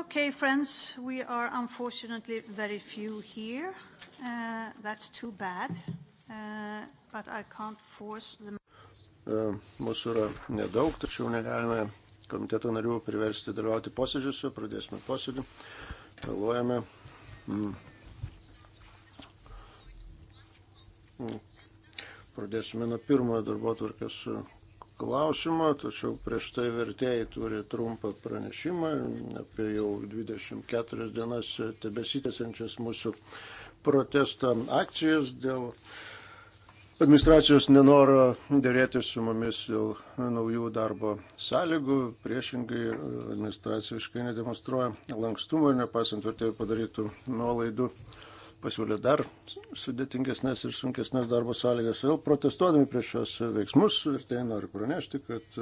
Okay, friends, we are unfortunately very few here. Uh, that's too bad, uh, but I can't force them. Uh, mūsų yra nedaug, tačiau negalime komiteto narių priversti dalyvauti posėdžiuose. Pradėsime posėdį. Vėluojame. Mm. mm. Pradėsime nuo pirmojo darbo tvarkės klausimą, tačiau prieš tai vertėjai turi trumpą pranešimą apie jau 24 dienas tebesitęsiančias mūsų protestą akcijas dėl administracijos nenoro dėrėti su mumis dėl naujų darbo sąlygų. Priešingai administracija iškai nedemonstruoja lankstumo ir nepasant vertėjų padarytų nuolaidų. No pasiūlė dar sudėtingesnės ir sunkesnės darbo sąlygas. Vėl protestuodami prieš šios veiksmus ir tai noriu pranešti, kad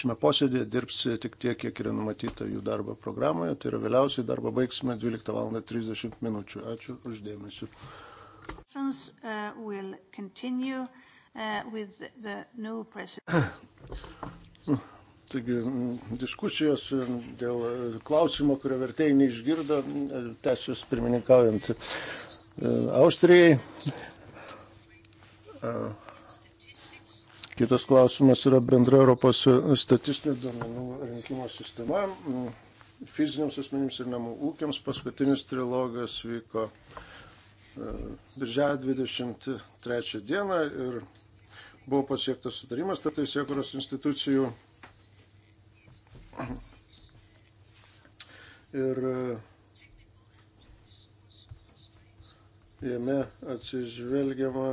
šiame posėdėje dirbs tik tiek, kiek yra numatyta jų darbo programoje. Tai yra vėliausiai darbą baigsime 12.30 min. Ačiū uždėmesiu. Uh, will continue, uh, with the new president. Taigi mm, diskusijos dėl e, klausimo, kurio vertėjai neišgirdo, e, tęsius pirmininkaujant e, Austrijai. Kitas klausimas yra bendra Europos statistinių duomenų rinkimo sistema mm, fiziniams asmenims ir namų ūkiams. Paskutinis trilogas vyko birželio 23 dieną ir buvo pasiektas sutarimas tarp teisėkuros institucijų Ir e, jame atsižvelgiama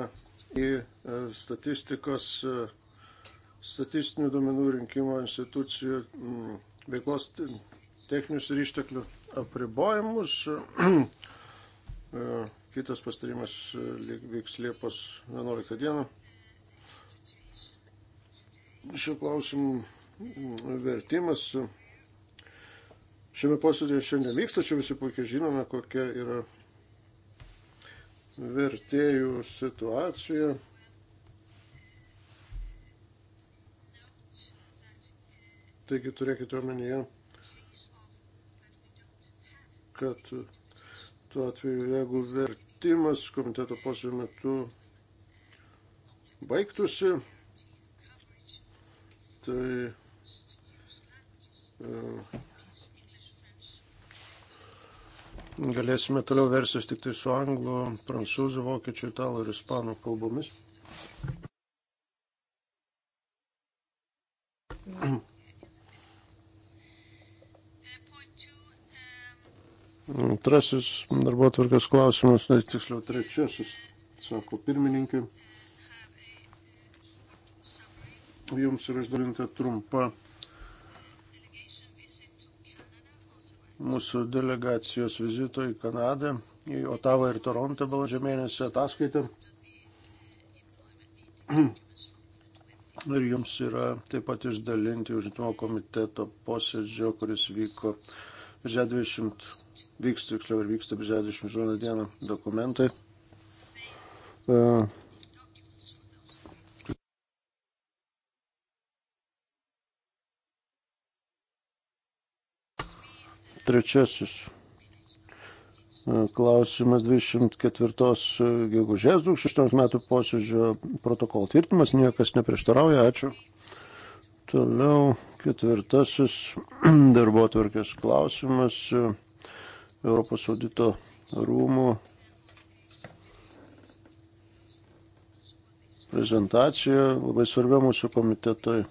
į e, statistikos, e, statistinių duomenų rinkimo institucijų mm, veiklos techninius ir išteklių apribojimus. Kitas pastarimas vyks Liepos 11 dieną. Šiuo klausimu vertimas šiame posėdėje šiandien vyksta, čia visi puikiai žinome, kokia yra vertėjų situacija. Taigi turėkite omenyje, kad tuo atveju, jeigu vertimas komiteto posėdžio metu baigtųsi, tai Galėsime toliau versis tik tai su anglų, prancūzų, vokiečių, italų ir ispanų kalbomis. Antrasis darbo tvarkės klausimas, ne tiksliau trečiasis, sako pirmininkai. Jums yra išdalinta trumpa mūsų delegacijos vizito į Kanadą, į Otavą ir Torontą balandžio mėnesį ataskaitą. Ir jums yra taip pat išdalinti užimtumo komiteto posėdžio, kuris vyko birželio 20, vyks tiksliau ir vyksta birželio 21 dieną dokumentai. Uh Trečiasis e, klausimas 24 e, gegužės 2016 metų posėdžio protokolo tvirtimas, niekas neprieštarauja, ačiū. Toliau ketvirtasis darbo atvarkės klausimas e, Europos audito rūmų prezentacija labai svarbia mūsų komitetoj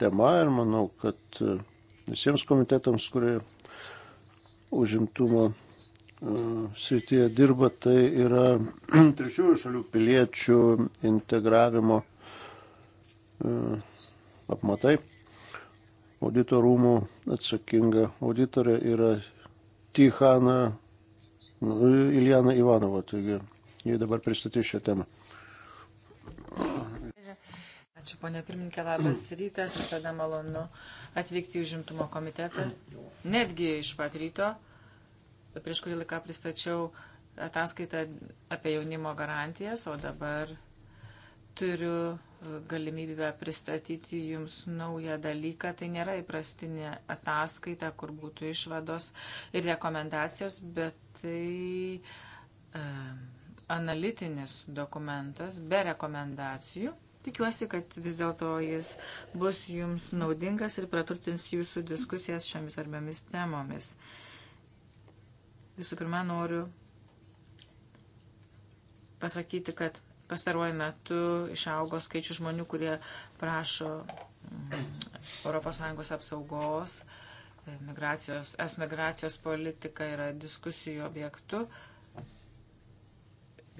tema ir manau, kad visiems komitetams, kurie užimtumo e, srityje dirba, tai yra trečiųjų šalių piliečių integravimo e, apmatai. Audito rūmų atsakinga auditorė yra Tihana nu, Iljana Ivanova, taigi jie dabar pristatys šią temą. Ačiū, ponė pirmininkė, labas rytas, visada malonu atvykti į žimtumo komitetą. Netgi iš pat ryto, prieš kurį laiką pristačiau ataskaitą apie jaunimo garantijas, o dabar turiu galimybę pristatyti jums naują dalyką. Tai nėra įprastinė ataskaita, kur būtų išvados ir rekomendacijos, bet tai e, analitinis dokumentas be rekomendacijų. Tikiuosi, kad vis dėlto jis bus jums naudingas ir praturtins jūsų diskusijas šiomis arbiamis temomis. Visų pirma, noriu pasakyti, kad pastaruoju metu išaugo skaičių žmonių, kurie prašo mm, ES apsaugos. Migracijos, es migracijos politika yra diskusijų objektu. Uh,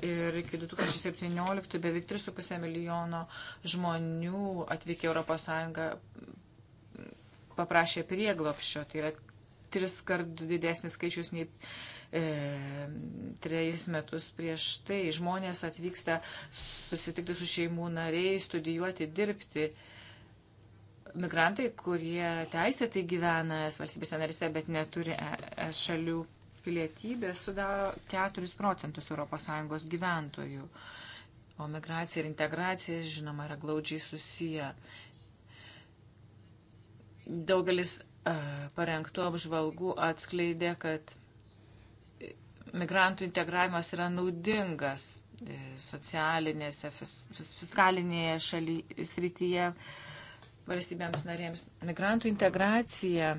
ir iki 2017 beveik 3,5 milijono žmonių atvykę Europos Sąjungą paprašė prieglopščio. Tai yra tris kart didesnis skaičius nei e, trejus metus prieš tai. Žmonės atvyksta susitikti su šeimų nariai, studijuoti, dirbti. Migrantai, kurie teisėtai gyvena es valstybėse narise, bet neturi e, es šalių pilietybės sudaro 4 procentus ES gyventojų, o migracija ir integracija, žinoma, yra glaudžiai susiję. Daugelis e, parengtų apžvalgų atskleidė, kad migrantų integravimas yra naudingas e, socialinėse, fiskalinėje šaly, srityje valstybėms narėms. Migrantų integracija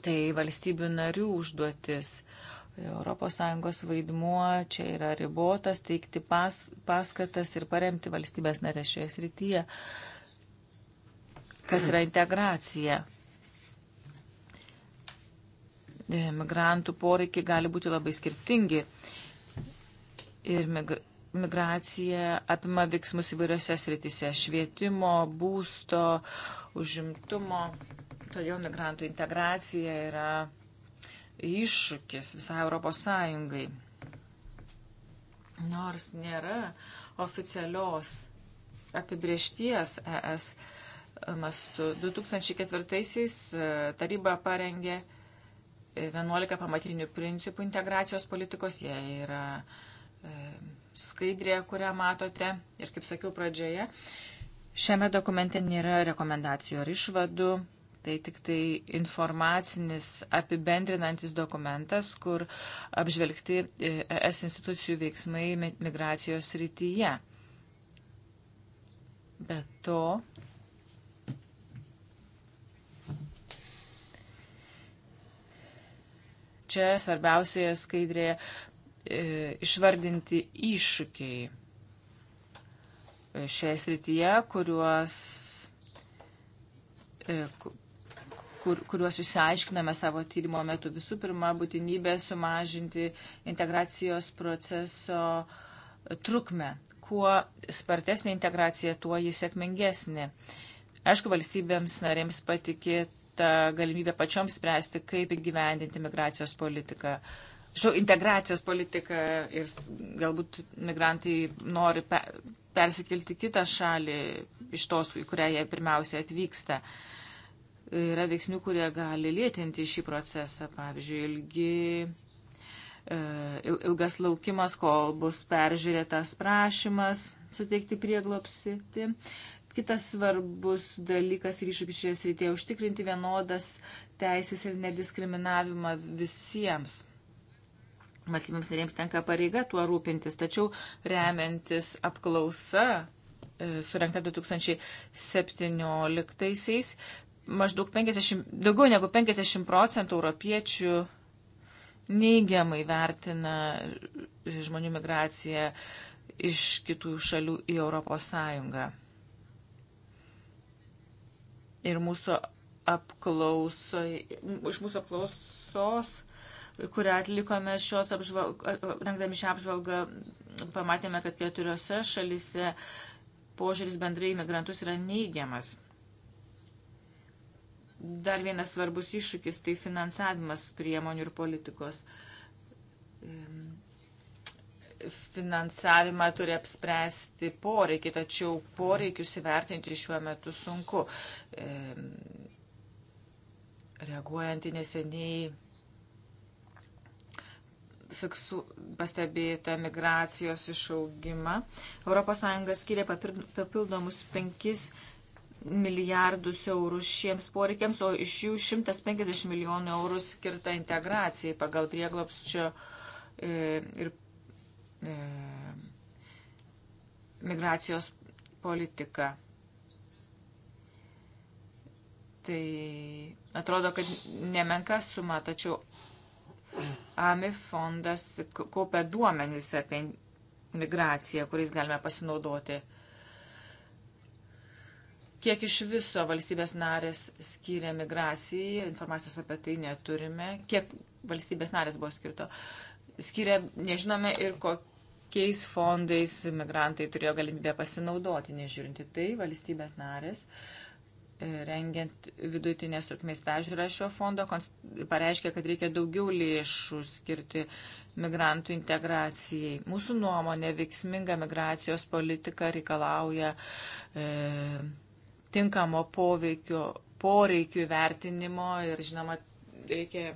Tai valstybių narių užduotis. ES vaidmuo čia yra ribotas teikti pas, paskatas ir paremti valstybės narės šioje srityje. Kas yra integracija? Migrantų poreikiai gali būti labai skirtingi. Ir migracija apima veiksmus įvairiose srityse - švietimo, būsto, užimtumo. Todėl migrantų integracija yra iššūkis visai Europos Sąjungai. Nors nėra oficialios apibriešties ES mastu. 2004-aisiais e, taryba parengė 11 pamatinių principų integracijos politikos. Jie yra e, skaidrė, kurią matote. Ir kaip sakiau pradžioje, šiame dokumente nėra rekomendacijų ar išvadų Tai tik tai informacinis apibendrinantis dokumentas, kur apžvelgti e, ES institucijų veiksmai migracijos rytyje. Be to, čia svarbiausioje skaidrėje išvardinti iššūkiai e, šioje srityje, kuriuos e, kur, kuriuos išsiaiškiname savo tyrimo metu. Visų pirma, būtinybė sumažinti integracijos proceso trukmę. Kuo spartesnė integracija, tuo jis sėkmingesnė. Aišku, valstybėms narėms patikėta galimybė pačioms spręsti, kaip įgyvendinti migracijos politiką. Šiuo integracijos politika ir galbūt migrantai nori persikelti kitą šalį iš tos, į kurią jie pirmiausia atvyksta. Uh, yra veiksnių, kurie gali lėtinti šį procesą. Pavyzdžiui, ilgi, e, ilgas laukimas, kol bus peržiūrėtas prašymas suteikti prieglopsitį. Kitas svarbus dalykas ir iššūkis šioje srityje - užtikrinti vienodas teisės ir nediskriminavimą visiems. Valstybėms narėms tenka pareiga tuo rūpintis, tačiau remiantis apklausa e, surinkta 2017-aisiais, maždaug 50, daugiau negu 50 procentų europiečių neigiamai vertina žmonių migraciją iš kitų šalių į Europos Sąjungą. Ir mūsų apklauso, iš mūsų apklausos, kurią atlikome šios apžvalg, rengdami šią apžvalgą, pamatėme, kad keturiose šalise požiūris bendrai į migrantus yra neigiamas. Dar vienas svarbus iššūkis tai finansavimas priemonių ir politikos. Finansavimą turi apspręsti poreikį, tačiau poreikius įvertinti šiuo metu sunku. Reaguojant į neseniai fiksu, pastebėta migracijos išaugimą. ES skiria papildomus 5 milijardus eurų šiems poreikiams, o iš jų 150 milijonų eurų skirta integracijai pagal prieglopsčio e, ir e, migracijos politiką. Tai atrodo, kad nemenka suma, tačiau AMI fondas kaupia duomenys apie migraciją, kuriais galime pasinaudoti. Kiek iš viso valstybės narės skiria migracijai, informacijos apie tai neturime, kiek valstybės narės buvo skirto, skiria, nežinome ir kokiais fondais migrantai turėjo galimybę pasinaudoti, nežiūrinti tai valstybės narės e, rengiant vidutinės trukmės pežiūrą šio fondo, pareiškia, kad reikia daugiau lėšų skirti migrantų integracijai. Mūsų nuomonė, veiksminga migracijos politika reikalauja e, tinkamo poveikio, poreikių vertinimo ir, žinoma, reikia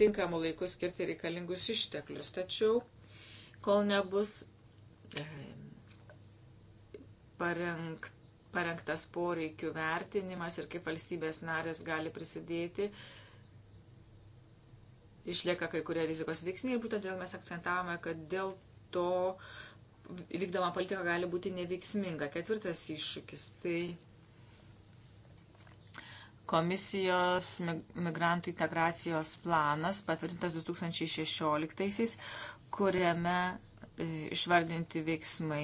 tinkamų laikų skirti reikalingus išteklius. Tačiau, kol nebus e, parengt, parengtas poreikių vertinimas ir kaip valstybės narės gali prisidėti, išlieka kai kurie rizikos veiksniai ir būtent dėl mes akcentavome, kad dėl to vykdoma politika gali būti neveiksminga. Ketvirtas iššūkis - tai Komisijos migrantų integracijos planas patvirtintas 2016-aisiais, kuriame e, išvardinti veiksmai,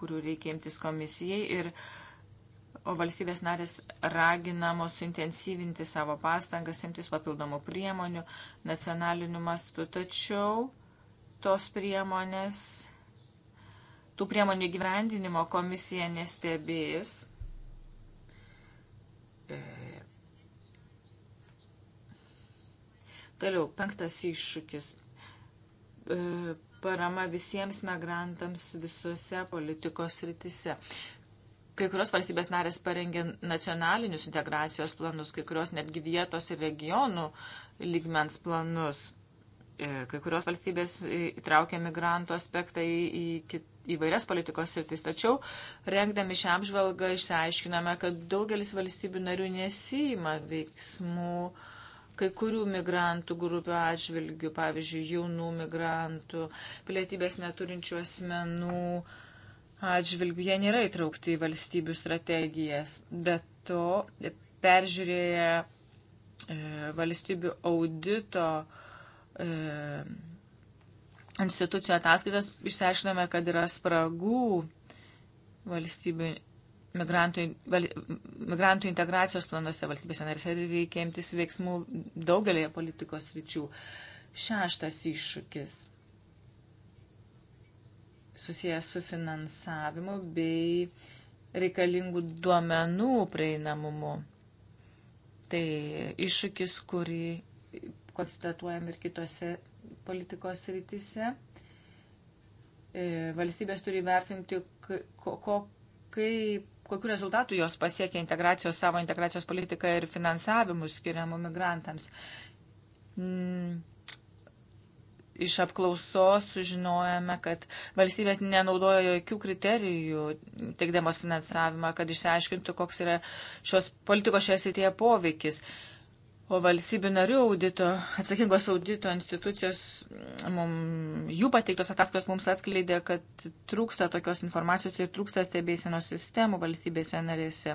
kurių reikia imtis komisijai ir o valstybės narės raginamos intensyvinti savo pastangas, imtis papildomų priemonių nacionaliniu mastu, tačiau tos priemonės, tų priemonių gyvendinimo komisija nestebės e, Toliau, penktas iššūkis. E, parama visiems migrantams visose politikos rytise. Kai kurios valstybės narės parengė nacionalinius integracijos planus, kai kurios netgi vietos ir regionų lygmens planus. E, kai kurios valstybės įtraukė migrantų aspektą į, į kitą įvairias politikos sritis. Tačiau, rengdami šią apžvalgą, išsiaiškiname, kad daugelis valstybių narių nesijima veiksmų uh, kai kurių migrantų grupių atžvilgių, pavyzdžiui, jaunų migrantų, pilietybės neturinčių asmenų atžvilgių, jie nėra įtraukti į valstybių strategijas. Be to, peržiūrėję e, valstybių audito e, institucijų ataskaitas, išsiaiškiname, kad yra spragų valstybių migrantų, migrantų integracijos planuose valstybėse narėse reikia imtis veiksmų daugelėje politikos ryčių. Šeštas iššūkis susijęs su finansavimu bei reikalingų duomenų prieinamumu. Tai iššūkis, kurį konstatuojam ir kitose politikos rytise. E, valstybės turi vertinti, ko, ko, kaip kokiu rezultatu jos pasiekia integracijos, savo integracijos politiką ir finansavimų skiriamų migrantams. Mm. Iš apklausos sužinojame, kad valstybės nenaudojo jokių kriterijų, teikdamos finansavimą, kad išsiaiškintų, koks yra šios politikos šioje srityje poveikis. Uh, O valstybių narių audito, atsakingos audito institucijos, mum, jų pateiktos ataskaitos mums atskleidė, kad trūksta tokios informacijos ir trūksta stebėsienos sistemų valstybėse narėse.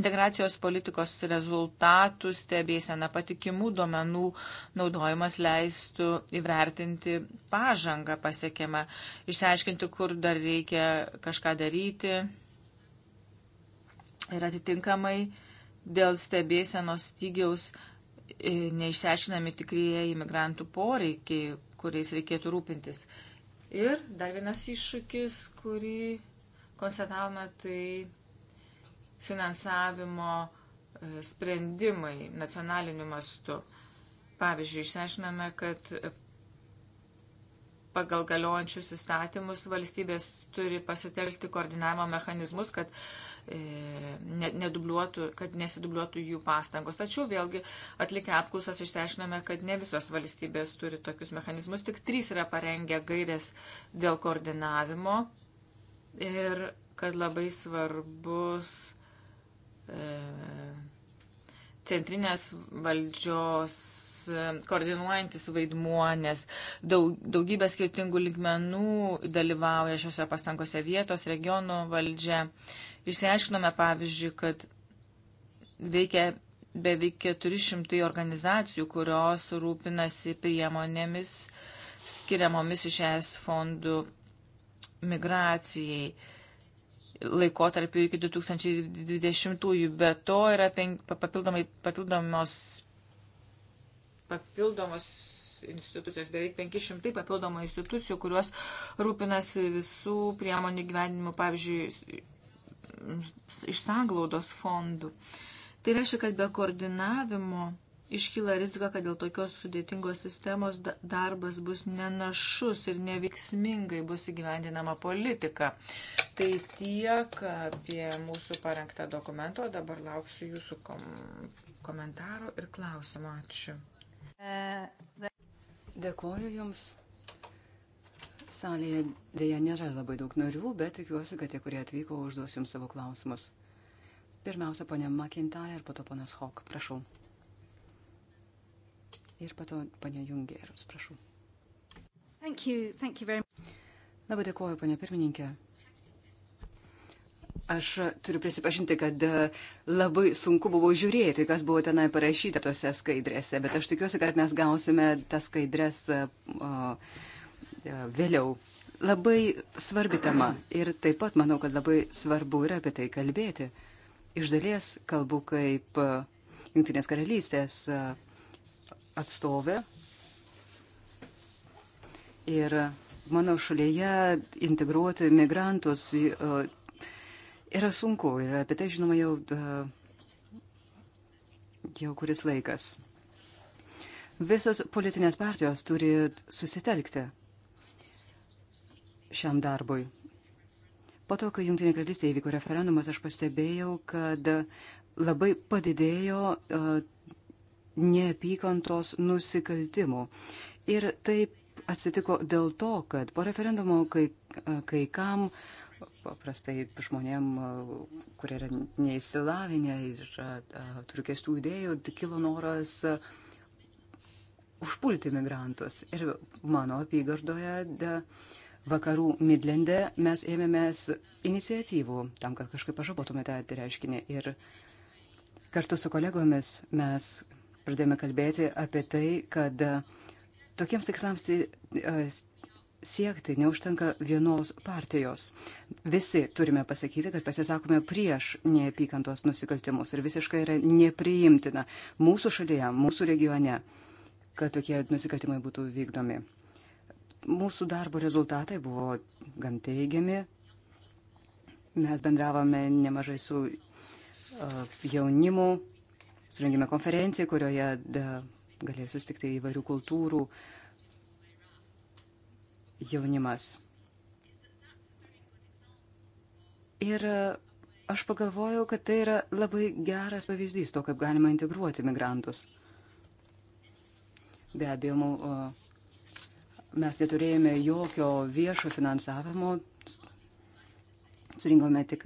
Integracijos politikos rezultatų stebėsena patikimų duomenų naudojimas leistų įvertinti pažangą pasiekiamą, išsiaiškinti, kur dar reikia kažką daryti ir atitinkamai dėl stebėsenos stygiaus E, neišsiaiškinami tikrieji imigrantų poreikiai, kuriais reikėtų rūpintis. Ir dar vienas iššūkis, kurį konstatavome, tai finansavimo e, sprendimai nacionaliniu mastu. Pavyzdžiui, išsiaiškiname, kad pagal galiojančius įstatymus valstybės turi pasitelkti koordinavimo mechanizmus, kad E, nedubliuotų, kad nesidubliuotų jų pastangos. Tačiau vėlgi atlikę apklausas išsiaiškinome, kad ne visos valstybės turi tokius mechanizmus, tik trys yra parengę gairės dėl koordinavimo ir kad labai svarbus e, centrinės valdžios e, koordinuojantis vaidmuo, nes daug, daugybė skirtingų ligmenų dalyvauja šiuose pastangose vietos, regionų valdžia. E, Išsiaiškinome, pavyzdžiui, kad veikia beveik 400 organizacijų, kurios rūpinasi priemonėmis skiriamomis iš ES fondų migracijai laikotarpiu iki 2020-ųjų. Be to yra penk, papildomai, papildomos, papildomos institucijos, beveik 500 papildomų institucijų, kurios rūpinasi visų priemonių gyvenimu, pavyzdžiui, iš sanglaudos fondų. Tai reiškia, kad be koordinavimo iškyla rizika, kad dėl tokios sudėtingos sistemos darbas bus nenašus ir neveiksmingai bus įgyvendinama politika. Tai tiek apie mūsų parengtą dokumentą, o dabar lauksiu jūsų kom komentarų ir klausimų. Ačiū. E, Dėkuoju Jums. Salėje dėja nėra labai daug narių, bet tikiuosi, kad tie, kurie atvyko, užduos jums savo klausimus. Pirmiausia, ponė McIntyre ir po to ponas Hawk, prašau. Ir po to ponė Jungeris, prašau. Thank you, thank you very... Labai dėkuoju, ponė pirmininkė. Aš turiu prisipažinti, kad e, labai sunku buvo žiūrėti, kas buvo tenai parašyta tose skaidrėse, bet aš tikiuosi, kad mes gausime tas skaidrės. Uh, e, E, vėliau. Labai svarbi tema ir taip pat manau, kad labai svarbu yra apie tai kalbėti. Iš dalies kalbu kaip e, Junktinės karalystės e, atstovė. Ir mano šalyje integruoti migrantus yra sunku ir apie tai žinoma jau, jau kuris laikas. Visos politinės partijos turi susitelkti šiam darbui. Po to, kai Junktinė karalystė įvyko referendumas, aš pastebėjau, kad labai padidėjo e, neapykantos nusikaltimų. Ir taip atsitiko dėl to, kad po referendumo kai, e, kai kam, paprastai žmonėm, e, kurie yra neįsilavinę ir turi keistų idėjų, kilo noras užpulti migrantus. Ir mano apygardoje. De, vakarų Midlende mes ėmėmės iniciatyvų tam, kad kažkaip pažabotume tą reiškinį. Ir kartu su kolegomis mes pradėjome kalbėti apie tai, kad e, tokiems tikslams tai, e, siekti neužtenka vienos partijos. Visi turime pasakyti, kad pasisakome prieš neapykantos nusikaltimus ir visiškai yra nepriimtina mūsų šalyje, mūsų regione, kad tokie nusikaltimai būtų vykdomi. Mūsų darbo rezultatai buvo gan teigiami. Mes bendravome nemažai su e, jaunimu, surengėme konferenciją, kurioje e, galėjo susitikti įvairių kultūrų jaunimas. Ir e, aš pagalvojau, kad tai yra labai geras pavyzdys to, kaip galima integruoti migrantus. Be abejo, Mes neturėjome jokio viešo finansavimo, surinkome tik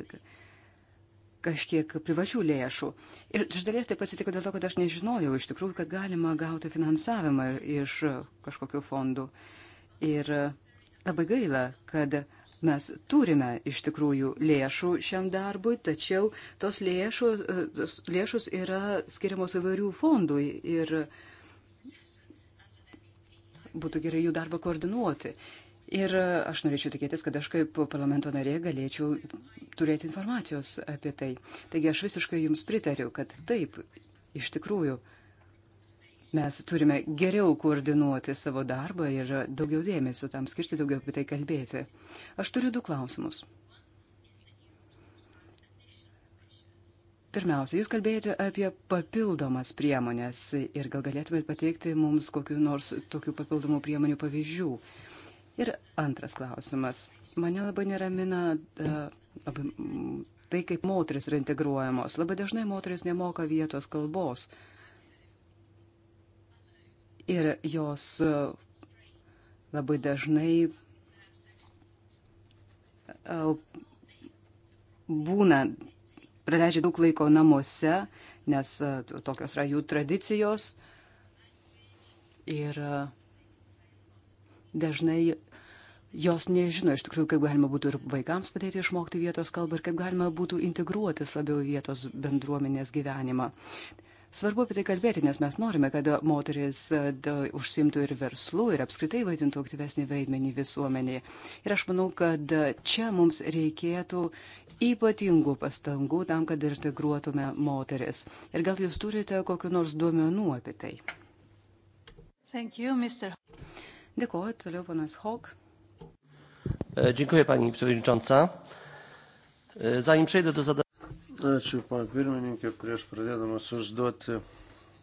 kažkiek privačių lėšų. Ir iš dalies tai pasitiko dėl to, kad aš nežinojau iš tikrųjų, kad galima gauti finansavimą iš kažkokių fondų. Ir labai gaila, kad mes turime iš tikrųjų lėšų šiam darbui, tačiau tos lėšų, tos lėšus yra skiriamos įvairių fondų ir uh, būtų gerai jų darbą koordinuoti. Ir e, aš norėčiau tikėtis, kad aš kaip parlamento narė galėčiau turėti informacijos apie tai. Taigi aš visiškai jums pritariu, kad taip, iš tikrųjų, mes turime geriau koordinuoti savo darbą ir daugiau dėmesio tam skirti, daugiau apie tai kalbėti. Aš turiu du klausimus. Pirmiausia, jūs kalbėjote apie papildomas priemonės ir gal galėtumėte pateikti mums kokiu nors tokių papildomų priemonių pavyzdžių. Ir antras klausimas. Mane labai neramina e, mm, tai, kaip moteris yra integruojamos. Labai dažnai moteris nemoka vietos kalbos. Ir jos e, labai dažnai e, būna praleidžia daug laiko namuose, nes e, tokios yra jų tradicijos. Ir e, dažnai jos nežino iš tikrųjų, kaip galima būtų ir vaikams padėti išmokti vietos kalbą ir kaip galima būtų integruotis labiau vietos bendruomenės gyvenimą. Svarbu apie tai kalbėti, nes mes norime, kad moteris e, užsimtų ir verslų, ir apskritai vaidintų aktyvesnį vaidmenį visuomenėje. Ir aš manau, kad čia mums reikėtų ypatingų pastangų tam, kad integruotume moteris. Ir gal jūs turite kokiu nors duomenų apie tai? Thank you, Mr. Dėkuoju, toliau panas Hawk. E, dziękuję Pani Przewodnicząca. E, zanim przejdę do zadania. Ačiū, pana pirmininkė. Prieš pradėdamas užduoti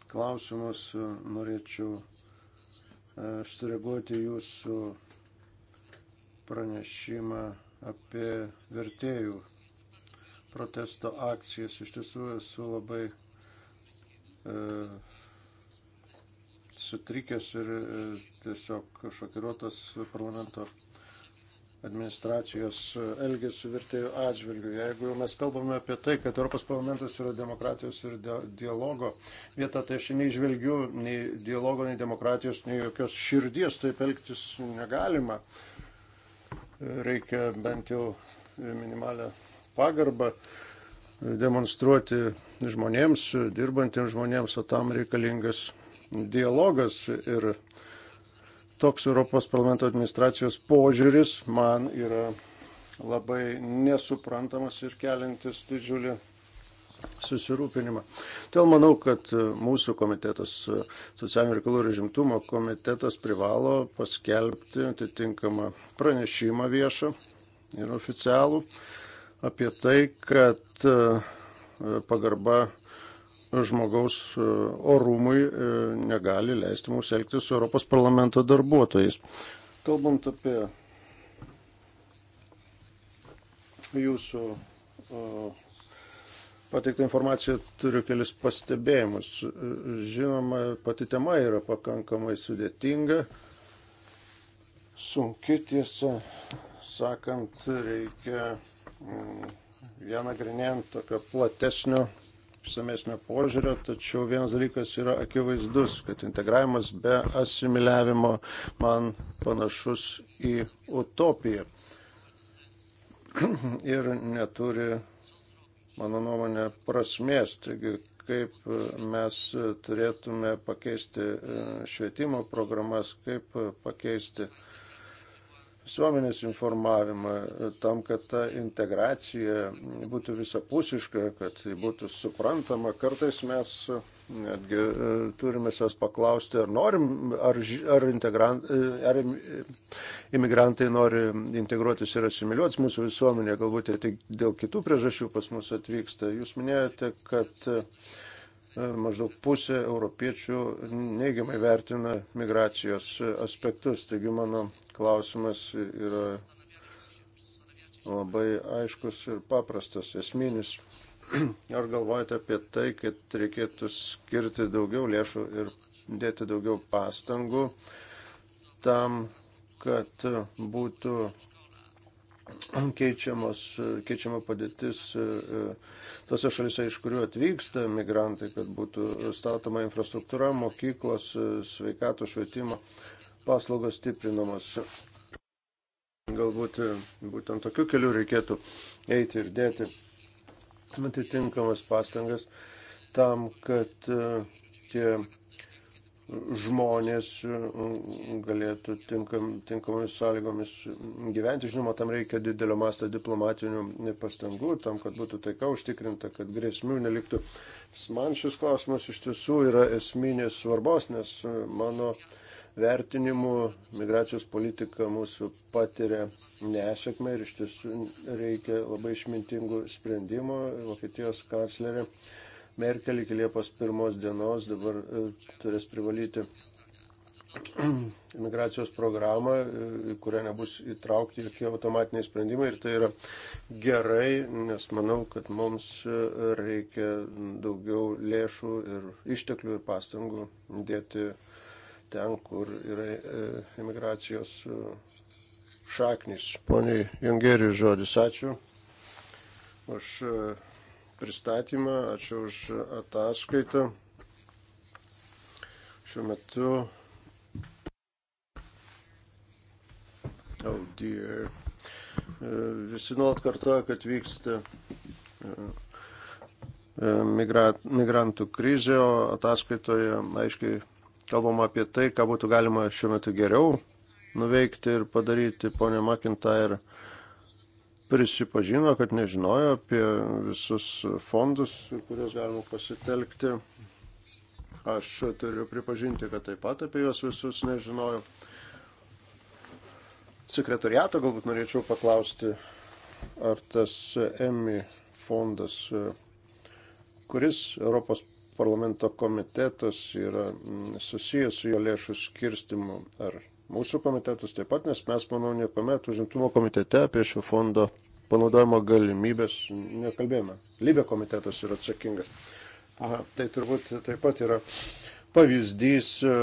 klausimus, norėčiau aš e, sureaguoti jūsų pranešimą apie vertėjų protesto akcijas. Iš tiesų esu labai e, sutrikęs ir e, tiesiog šokiruotas parlamento administracijos e, elgesių vertėjų atžvilgių. Jeigu jau mes kalbame apie tai, kad Europos parlamentas yra demokratijos ir dialogo vieta, tai aš neižvelgiu nei dialogo, nei demokratijos, nei jokios širdies, taip elgtis negalima. Reikia bent jau minimalę pagarbą demonstruoti žmonėms, dirbantiems žmonėms, o tam reikalingas dialogas ir Toks Europos parlamento administracijos požiūris man yra labai nesuprantamas ir keliantis didžiulį susirūpinimą. Todėl manau, kad mūsų komitetas, socialinių reikalų ir žimtumo komitetas privalo paskelbti atitinkamą pranešimą viešą ir oficialų apie tai, kad pagarba žmogaus e, orumui e, negali leisti mums elgtis su Europos parlamento darbuotojais. Kalbant apie jūsų e, pateiktą informaciją, turiu kelis pastebėjimus. Žinoma, pati tema yra pakankamai sudėtinga, sunki tiesą sakant, reikia mm, ją nagrinėjant tokio platesnio išsamesnio požiūrio, tačiau vienas dalykas yra akivaizdus, kad integravimas be asimiliavimo man panašus į utopiją ir neturi, mano nuomonė, prasmės. Taigi, kaip mes turėtume pakeisti e, švietimo programas, kaip pakeisti uh, visuomenės informavimą tam, kad ta integracija būtų visapusiška, kad ji būtų suprantama. Kartais mes netgi e, turime savęs paklausti, ar norim, ar, ar, integrant, e, ar imigrantai nori integruotis ir asimiliuotis mūsų visuomenėje, galbūt jie tik dėl kitų priežasčių pas mus atvyksta. Jūs minėjote, kad uh, maždaug pusė europiečių neigiamai vertina migracijos aspektus. Taigi mano klausimas yra labai aiškus ir paprastas, esminis. Ar galvojate apie tai, kad reikėtų skirti daugiau lėšų ir dėti daugiau pastangų tam, kad būtų keičiamos, keičiama padėtis e, e, tose šalise, iš kurių atvyksta migrantai, kad būtų statoma infrastruktūra, mokyklos, e, sveikato švietimo paslaugos stiprinamos. Galbūt būtent tokiu keliu reikėtų eiti ir dėti atitinkamas pastangas tam, kad tie žmonės galėtų tinkam, tinkamomis sąlygomis gyventi. Žinoma, tam reikia didelio masto diplomatinių pastangų, tam, kad būtų taika užtikrinta, kad grėsmių neliktų. Man šis klausimas iš tiesų yra esminės svarbos, nes mano vertinimu migracijos politika mūsų patiria nesėkmę ir iš tiesų reikia labai išmintingų sprendimų. Vokietijos kanclerė Merkel iki Liepos pirmos dienos dabar e, turės privalyti imigracijos programą, e, į kurią nebus įtraukti jokie automatiniai sprendimai ir tai yra gerai, nes manau, kad mums e, reikia daugiau lėšų ir išteklių ir pastangų dėti ten, kur yra imigracijos šaknis. Pone Jungeriui žodis, ačiū už pristatymą, ačiū už ataskaitą. Šiuo metu oh dear. Visi nuolat kartoja, kad vyksta e, e, migrantų krizė, o ataskaitoje aiškiai kalbama apie tai, ką būtų galima šiuo metu geriau nuveikti ir padaryti. Pone Makintair, ir prisipažino, kad nežinojo apie visus fondus, kuriuos galima pasitelkti. Aš turiu pripažinti, kad taip pat apie juos visus nežinojau. Sekretoriato galbūt norėčiau paklausti, ar tas EMI fondas, kuris Europos parlamento komitetas yra susijęs su jo lėšų skirstimu, ar mūsų komitetas taip pat, nes mes, manau, niekuomet užimtumo komitete apie šio fondo panaudojimo galimybės nekalbėjome. Lybė komitetas yra atsakingas. Aha, tai turbūt taip pat yra pavyzdys e,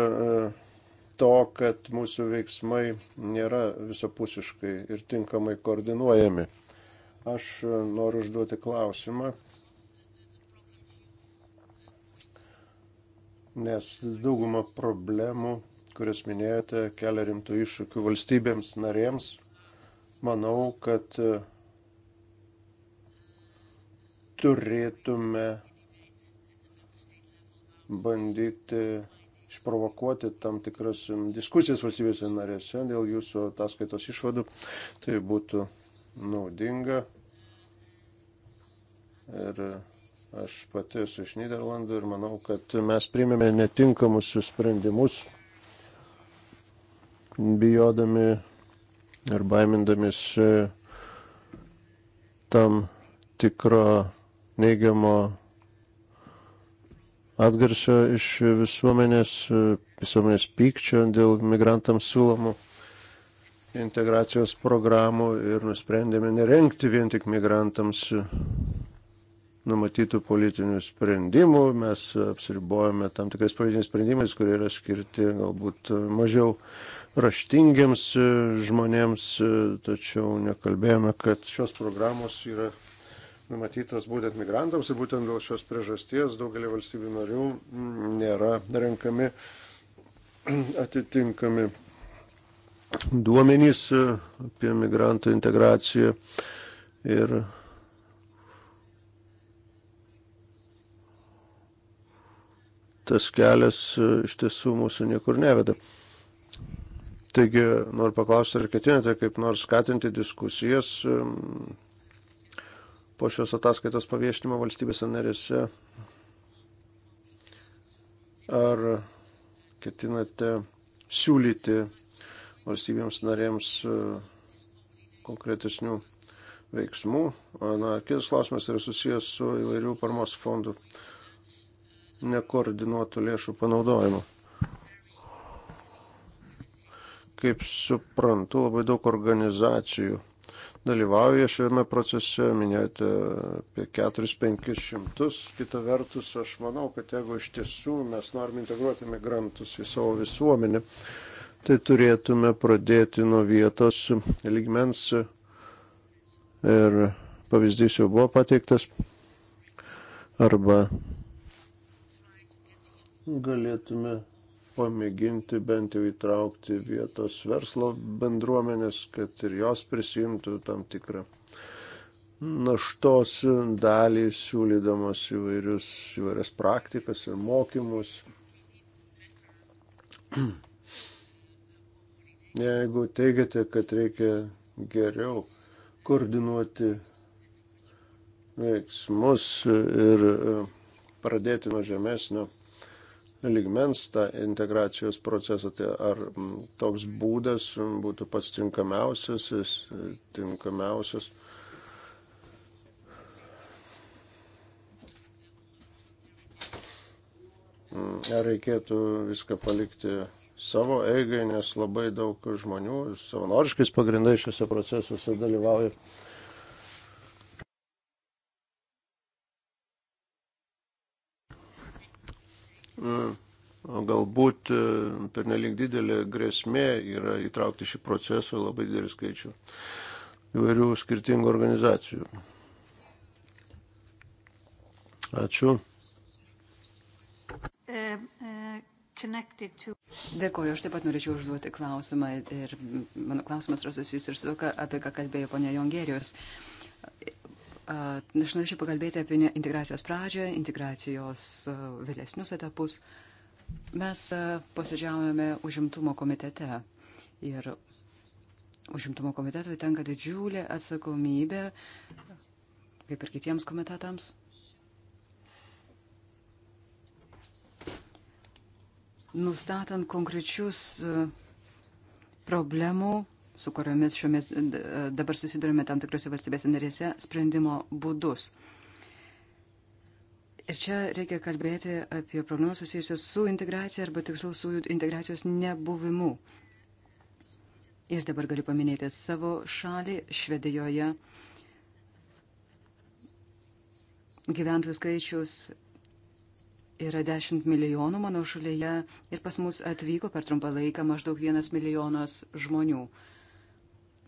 to, kad mūsų veiksmai nėra visapusiškai ir tinkamai koordinuojami. Aš e, noriu užduoti klausimą, nes dauguma problemų kurias minėjote, kelia rimtų iššūkių valstybėms narėms. Manau, kad e, turėtume bandyti išprovokuoti tam tikras diskusijas valstybėse narėse dėl jūsų ataskaitos išvadų. Tai būtų naudinga. Ir e, aš pati esu iš Niderlandų ir manau, kad mes priimėme netinkamus sprendimus bijodami ir baimindamėsi tam tikro neigiamo atgarsio iš visuomenės, visuomenės pykčio dėl migrantams siūlomų integracijos programų ir nusprendėme nerenkti vien tik migrantams numatytų politinių sprendimų, mes apsiribojame tam tikrais politiniais sprendimais, kurie yra skirti galbūt mažiau raštingiams žmonėms, tačiau nekalbėjome, kad šios programos yra numatytos būtent migrantams ir būtent dėl šios priežasties daugelį valstybių narių nėra renkami atitinkami duomenys apie migrantų integraciją ir tas kelias e, iš tiesų mūsų niekur neveda. Taigi noriu paklausti, ar ketinate kaip nors skatinti diskusijas po šios ataskaitos paviešinimo valstybėse narėse? Ar ketinate siūlyti valstybėms narėms e, konkretesnių veiksmų? Na, kitas klausimas yra susijęs su įvairių paramos fondų nekoordinuotų lėšų panaudojimo. Kaip suprantu, labai daug organizacijų dalyvauja šiame procese, minėjote apie 4-500. Kita vertus, aš manau, kad jeigu iš tiesų mes norime integruoti migrantus į savo visuomenę, tai turėtume pradėti nuo vietos lygmens ir pavyzdys jau buvo pateiktas arba galėtume pamėginti bent jau įtraukti vietos verslo bendruomenės, kad ir jos prisimtų tam tikrą naštos dalį, siūlydamas įvairius, įvairias praktikas ir mokymus. Jeigu teigiate, kad reikia geriau koordinuoti veiksmus ir e, pradėti nuo žemesnio ligmens tą integracijos procesą, tai ar toks būdas būtų pats tinkamiausias, e, tinkamiausias. Mm, ar reikėtų viską palikti savo eigai, nes labai daug žmonių savanoriškais pagrindais šiuose procesuose dalyvauja. galbūt e, pernelyg didelė grėsmė yra įtraukti šį procesą labai didelį skaičių įvairių skirtingų organizacijų. Ačiū. Dėkuoju, aš taip pat norėčiau užduoti klausimą ir mano klausimas yra susijęs ir su to, apie ką kalbėjo ponia Jongerijos. Aš norėčiau pakalbėti apie integracijos pradžią, integracijos vėlesnius etapus. Mes posėdžiavome užimtumo komitete ir užimtumo komitetui tenka didžiulė atsakomybė, kaip ir kitiems komitetams. Nustatant konkrečius problemų su kuriomis šiomis dabar susidurime tam tikrose valstybėse narėse, sprendimo būdus. Ir čia reikia kalbėti apie problemas susijusios su integracija arba tiksliau su integracijos nebuvimu. Ir dabar galiu paminėti savo šalį Švedijoje. Gyventojų skaičius yra 10 milijonų mano šalyje ir pas mus atvyko per trumpą laiką maždaug 1 milijonas žmonių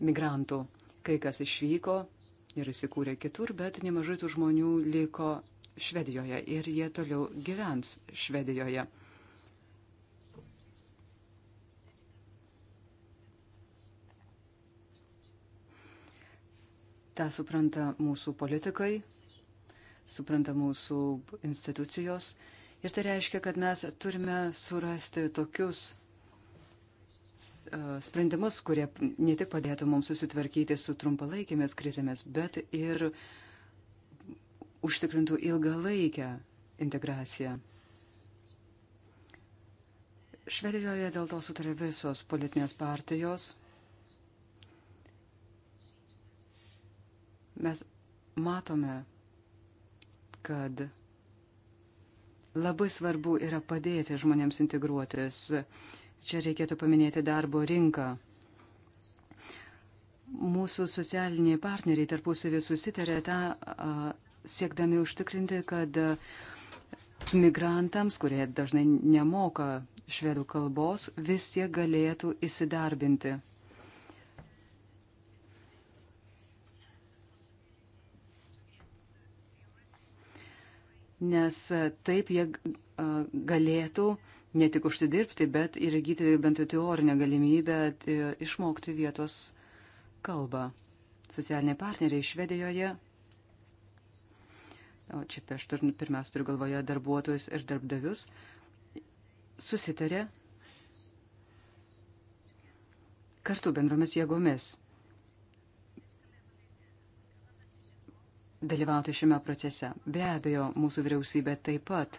migrantų. Kai kas išvyko ir įsikūrė kitur, bet nemažai tų žmonių liko Švedijoje ir jie toliau gyvens Švedijoje. Ta supranta mūsų politikai, supranta mūsų institucijos ir tai reiškia, kad mes turime surasti tokius sprendimus, kurie ne tik padėtų mums susitvarkyti su trumpalaikėmis krizėmis, bet ir užtikrintų ilgalaikę integraciją. Švedijoje dėl to sutarė visos politinės partijos. Mes matome, kad labai svarbu yra padėti žmonėms integruotis. Uh, Čia reikėtų paminėti darbo rinką. Mūsų socialiniai partneriai tarpusavį susitarė tą siekdami užtikrinti, kad migrantams, kurie dažnai nemoka švedų kalbos, vis tiek galėtų įsidarbinti. Nes taip jie galėtų uh, ne tik užsidirbti, bet ir įgyti bent jau teorinę galimybę tai išmokti vietos kalbą. Socialiniai partneriai Švedijoje, o čia aš tur, pirmiausia turiu galvoje darbuotojus ir darbdavius, susitarė kartu bendromis jėgomis dalyvauti šiame procese. Be abejo, mūsų vyriausybė taip pat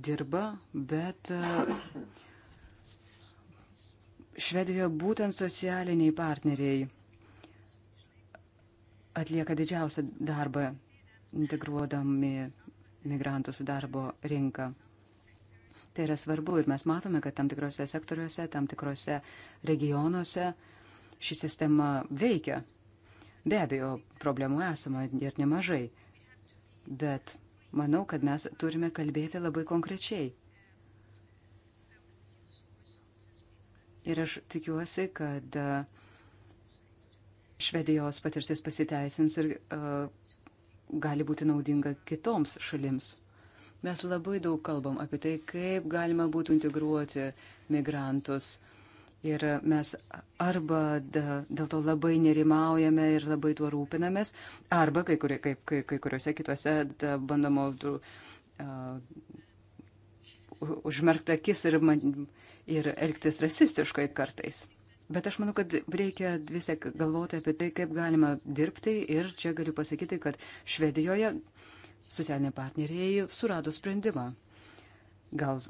dirba, bet e, Švedijoje būtent socialiniai partneriai atlieka didžiausią darbą integruodami migrantus į darbo rinką. Tai yra svarbu ir mes matome, kad tam tikrose sektoriuose, tam tikrose regionuose ši sistema veikia. Be abejo, problemų esama ir nemažai, bet manau, kad mes turime kalbėti labai konkrečiai. Ir aš tikiuosi, kad e, Švedijos patirtis pasiteisins ir uh, gali būti naudinga kitoms šalims. Mes labai daug kalbam apie tai, kaip galima būtų integruoti migrantus Ir mes arba dėl to labai nerimaujame ir labai tuo rūpinamės, arba kai, kurie, kai, kai, kai kuriuose kitose bandoma uh, užmerkti akis ir, man, ir elgtis rasistiškai kartais. Bet aš manau, kad reikia vis tiek galvoti apie tai, kaip galima dirbti ir čia galiu pasakyti, kad Švedijoje socialiniai partneriai surado sprendimą. Gal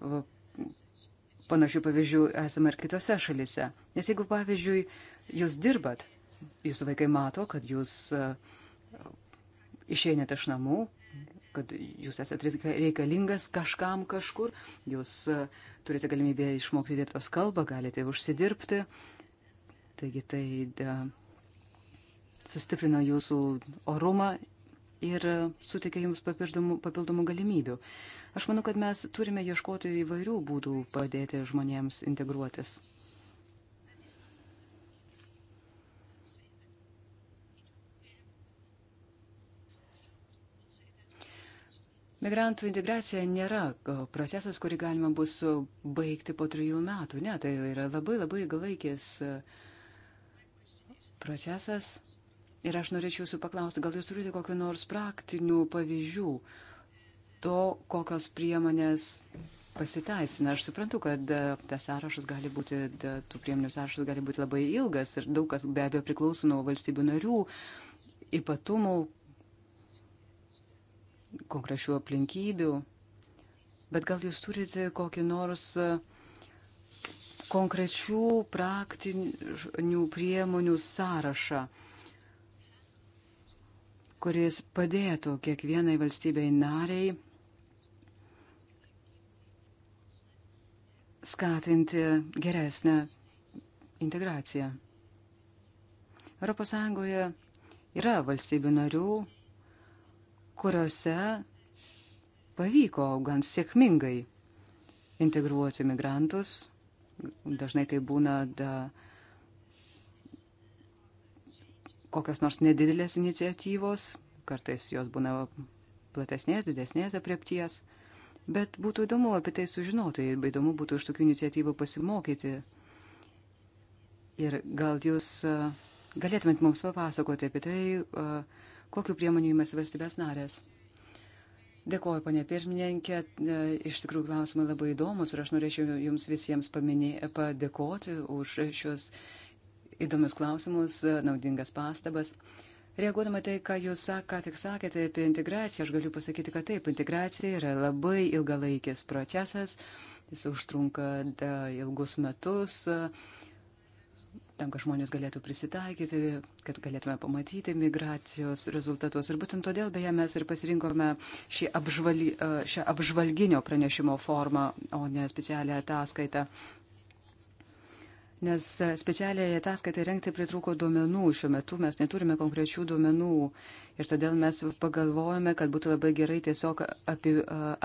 Panašių pavyzdžių esame ir kitose šalise. Nes jeigu, pavyzdžiui, jūs dirbat, jūsų vaikai mato, kad jūs e, išeinate iš namų, kad jūs esate reikalingas kažkam kažkur, jūs e, turite galimybę išmokti vietos kalbą, galite užsidirbti. Taigi tai da, e, sustiprina jūsų orumą ir suteikia jums papildomų, papildomų galimybių. Aš manau, kad mes turime ieškoti įvairių būdų padėti žmonėms integruotis. Migrantų integracija nėra procesas, kurį galima bus baigti po trijų metų. Ne, tai yra labai labai ilgalaikis e, procesas. Ir aš norėčiau jūsų paklausti, gal jūs turite kokiu nors praktinių pavyzdžių to, kokios priemonės pasiteisina. Aš suprantu, kad e, tas sąrašas gali būti, tų priemonių sąrašas gali būti labai ilgas ir daug kas be abejo priklauso nuo valstybių narių ypatumų, konkrečių aplinkybių. Bet gal jūs turite kokį nors e, konkrečių praktinių priemonių sąrašą? kuris padėtų kiekvienai valstybei nariai skatinti geresnę integraciją. ES yra valstybių narių, kuriuose pavyko gan sėkmingai integruoti migrantus. Dažnai tai būna da, uh, kokios nors nedidelės iniciatyvos, kartais jos būna platesnės, didesnės apriepties, bet būtų įdomu apie tai sužinoti ir įdomu būtų iš tokių iniciatyvų pasimokyti. Ir gal jūs e, galėtumėt mums papasakoti apie tai, e, kokiu priemonių įmės valstybės narės. Dėkuoju, ponė pirmininkė, e, iš tikrųjų klausimai labai įdomus ir aš norėčiau jums visiems paminė, padėkoti už šios įdomius klausimus, naudingas pastabas. Reaguodama tai, ką jūs ką tik sakėte apie integraciją, aš galiu pasakyti, kad taip, integracija yra labai ilgalaikis procesas, jis užtrunka ilgus metus, tam, kad žmonės galėtų prisitaikyti, kad galėtume pamatyti migracijos rezultatus. Ir būtent todėl, beje, mes ir pasirinkome šį, apžvalgi, šią apžvalginio pranešimo formą, o ne specialią ataskaitą nes specialiai ataskaitai renkti pritruko duomenų. Šiuo metu mes neturime konkrečių duomenų ir todėl mes pagalvojame, kad būtų labai gerai tiesiog api,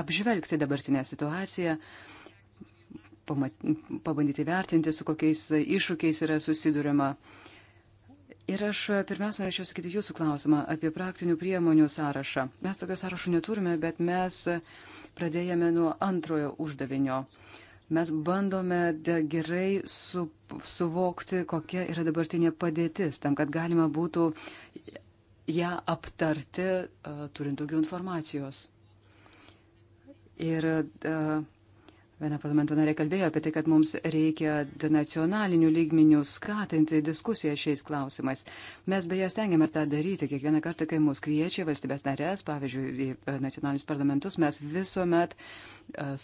apžvelgti dabartinę situaciją, pamat, pabandyti vertinti, su kokiais iššūkiais yra susidurima. Ir aš pirmiausia norėčiau sakyti jūsų klausimą apie praktinių priemonių sąrašą. Mes tokio sąrašo neturime, bet mes pradėjome nuo antrojo uždavinio. Uh, mes bandome gerai su, suvokti, kokia yra dabartinė padėtis, tam, kad galima būtų ją aptarti, turint daugiau informacijos. Ir uh, Viena parlamento narė kalbėjo apie tai, kad mums reikia nacionalinių lygminių skatinti diskusiją šiais klausimais. Mes beje stengiamės tą daryti. Kiekvieną kartą, kai mus kviečia valstybės narės, pavyzdžiui, į e, nacionalinius parlamentus, mes visuomet e,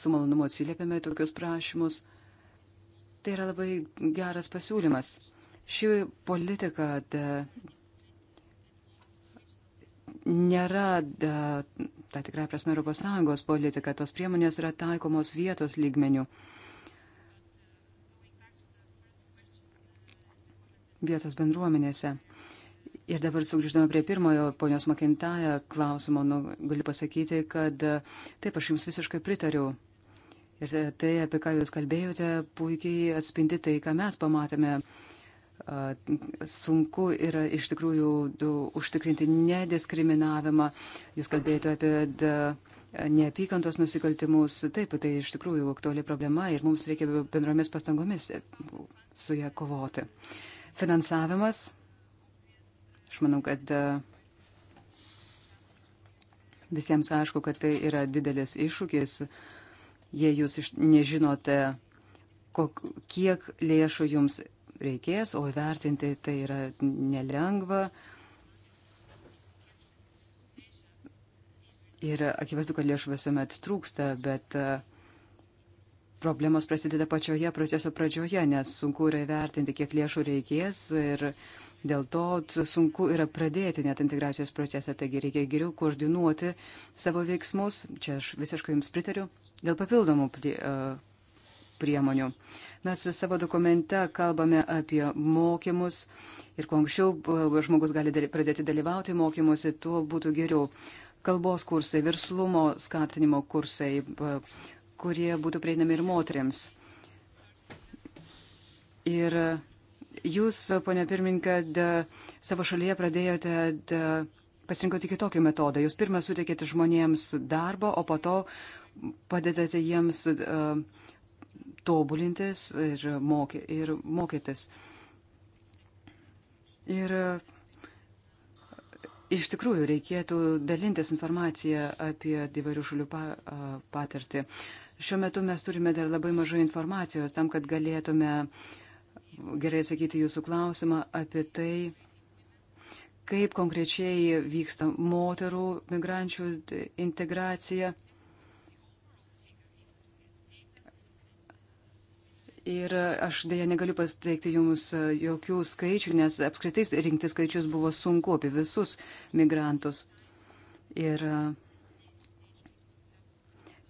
su malonumu atsiliepiame tokius prašymus. Tai yra labai geras pasiūlymas. Ši politika nėra da, e, ta tikrai prasme Europos Sąjungos politika, tos priemonės yra taikomos vietos lygmenių. Vietos bendruomenėse. Ir dabar sugrįžtame prie pirmojo ponios Makintaja klausimo. Nu, galiu pasakyti, kad e, taip, aš jums visiškai pritariu. Ir tai, apie ką jūs kalbėjote, puikiai atspindi tai, ką mes pamatėme uh, sunku yra iš tikrųjų du, užtikrinti nediskriminavimą. Jūs kalbėjote apie da, neapykantos nusikaltimus. Taip, tai iš tikrųjų aktuali problema ir mums reikia bendromis pastangomis su ją kovoti. Finansavimas. Aš manau, kad visiems aišku, kad tai yra didelis iššūkis. Jei jūs nežinote, kok, kiek lėšų jums reikės, o įvertinti tai yra nelengva. Ir akivaizdu, kad lėšų visuomet trūksta, bet e, problemos prasideda pačioje proceso pradžioje, nes sunku yra įvertinti, kiek lėšų reikės ir dėl to sunku yra pradėti net integracijos procesą, taigi reikia geriau koordinuoti savo veiksmus, čia aš visiškai jums pritariu, dėl papildomų prie, uh, priemonių. Mes savo dokumente kalbame apie mokymus ir kuo anksčiau e, žmogus gali pradėti dalyvauti mokymuose, tuo būtų geriau. Kalbos kursai, verslumo skatinimo kursai, e, kurie būtų prieinami ir moteriams. Ir jūs, ponia pirmininkė, savo šalyje pradėjote de, pasirinkote kitokį metodą. Jūs pirmą suteikėte žmonėms darbo, o po to padedate jiems uh, tobulintis ir, moky, ir mokytis. Ir e, iš tikrųjų reikėtų dalintis informaciją apie įvairių šalių pa, patirtį. Šiuo metu mes turime dar labai mažai informacijos tam, kad galėtume e, gerai sakyti jūsų klausimą apie tai, kaip konkrečiai vyksta moterų migrančių integracija. Ir aš dėja negaliu pasteikti jums e, jokių skaičių, nes apskritai rinkti skaičius buvo sunku apie visus migrantus. Ir e,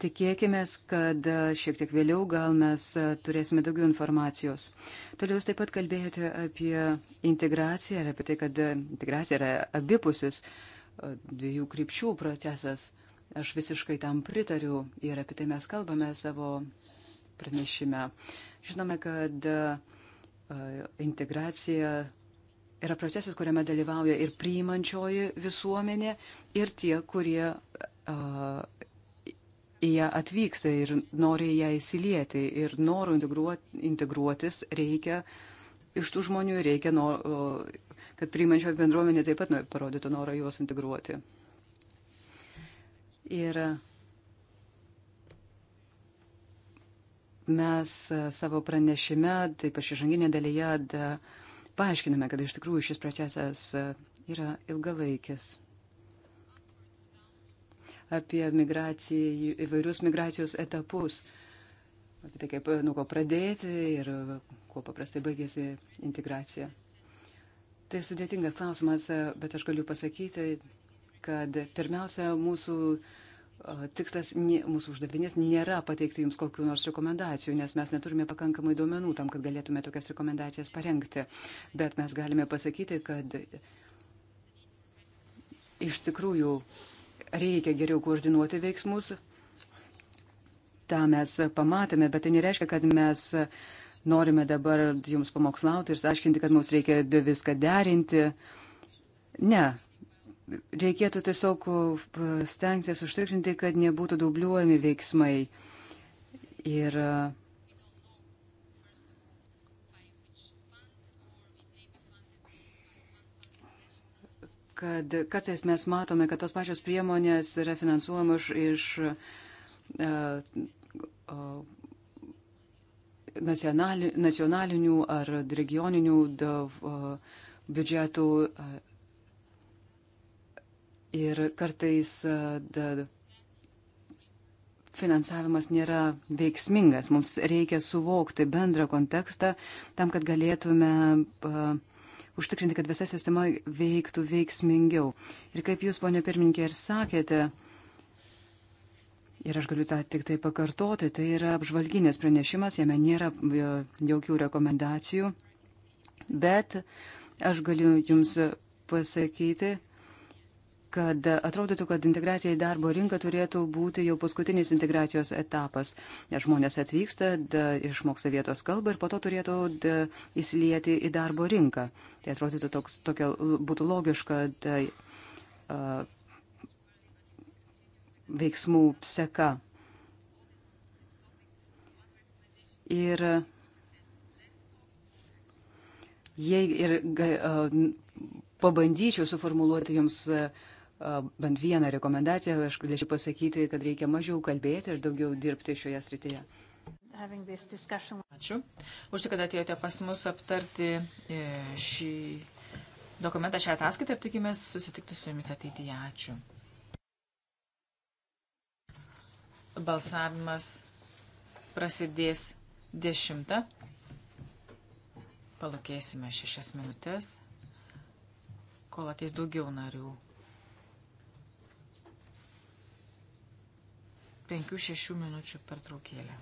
tikėkime, kad e, šiek tiek vėliau gal mes turėsime daugiau informacijos. Toliau jūs taip pat kalbėjote apie integraciją ir apie tai, kad integracija yra abipusis dviejų krypčių procesas. Aš visiškai tam pritariu ir apie tai mes kalbame savo pranešime. Žinome, kad e, integracija yra procesas, kuriame dalyvauja ir priimančioji visuomenė, ir tie, kurie e, į ją atvyksta ir nori į ją įsilieti. Ir norų integruotis reikia iš tų žmonių, reikia, nor, kad priimančioji bendruomenė taip pat parodytų norą juos integruoti. Ir Mes e, savo pranešime, taip aš įžanginė dalyje, da, paaiškiname, kad iš tikrųjų šis procesas e, yra ilgalaikis apie migraciją, įvairius migracijos etapus, apie tai, kaip e, nuo ko pradėti ir kuo paprastai baigėsi integracija. Tai sudėtingas klausimas, bet aš galiu pasakyti, kad pirmiausia, mūsų tikslas, mūsų uždavinys nėra pateikti jums kokiu nors rekomendacijų, nes mes neturime pakankamai duomenų tam, kad galėtume tokias rekomendacijas parengti. Bet mes galime pasakyti, kad iš tikrųjų reikia geriau koordinuoti veiksmus. Ta mes pamatėme, bet tai nereiškia, kad mes norime dabar jums pamokslauti ir aiškinti, kad mums reikia viską derinti. Ne, reikėtų tiesiog stengtis užtikrinti, kad nebūtų dubliuojami veiksmai. Ir kad kartais mes matome, kad tos pačios priemonės yra finansuojamos iš, iš uh, uh, nacionali, nacionalinių ar regioninių uh, biudžetų. Uh, ir kartais da, finansavimas nėra veiksmingas. Mums reikia suvokti bendrą kontekstą tam, kad galėtume uh, užtikrinti, kad visa sistema veiktų veiksmingiau. Ir kaip jūs, ponė pirmininkė, ir sakėte, ir aš galiu tą tik tai pakartoti, tai yra apžvalginės pranešimas, jame nėra jokių rekomendacijų, bet aš galiu jums pasakyti, uh, kad atrodytų, kad integracija į darbo rinką turėtų būti jau paskutinis integracijos etapas. Nes žmonės atvyksta, da, išmoksta vietos kalbą ir po to turėtų da, įsilieti į darbo rinką. Tai atrodytų toks, tokia būtų logiška da, a, veiksmų seka. Ir jei ir ga, a, pabandyčiau suformuluoti jums a, bent vieną rekomendaciją, aš galėčiau pasakyti, kad reikia mažiau kalbėti ir daugiau dirbti šioje srityje. Ačiū. Už tai, kad atėjote pas mus aptarti e, šį dokumentą, šią ataskaitą ir tikimės susitikti su jumis ateityje. Ačiū. Balsavimas prasidės 10. Palūkėsime šešias minutės, kol ateis daugiau narių. 5-6 minučių pertraukėlė.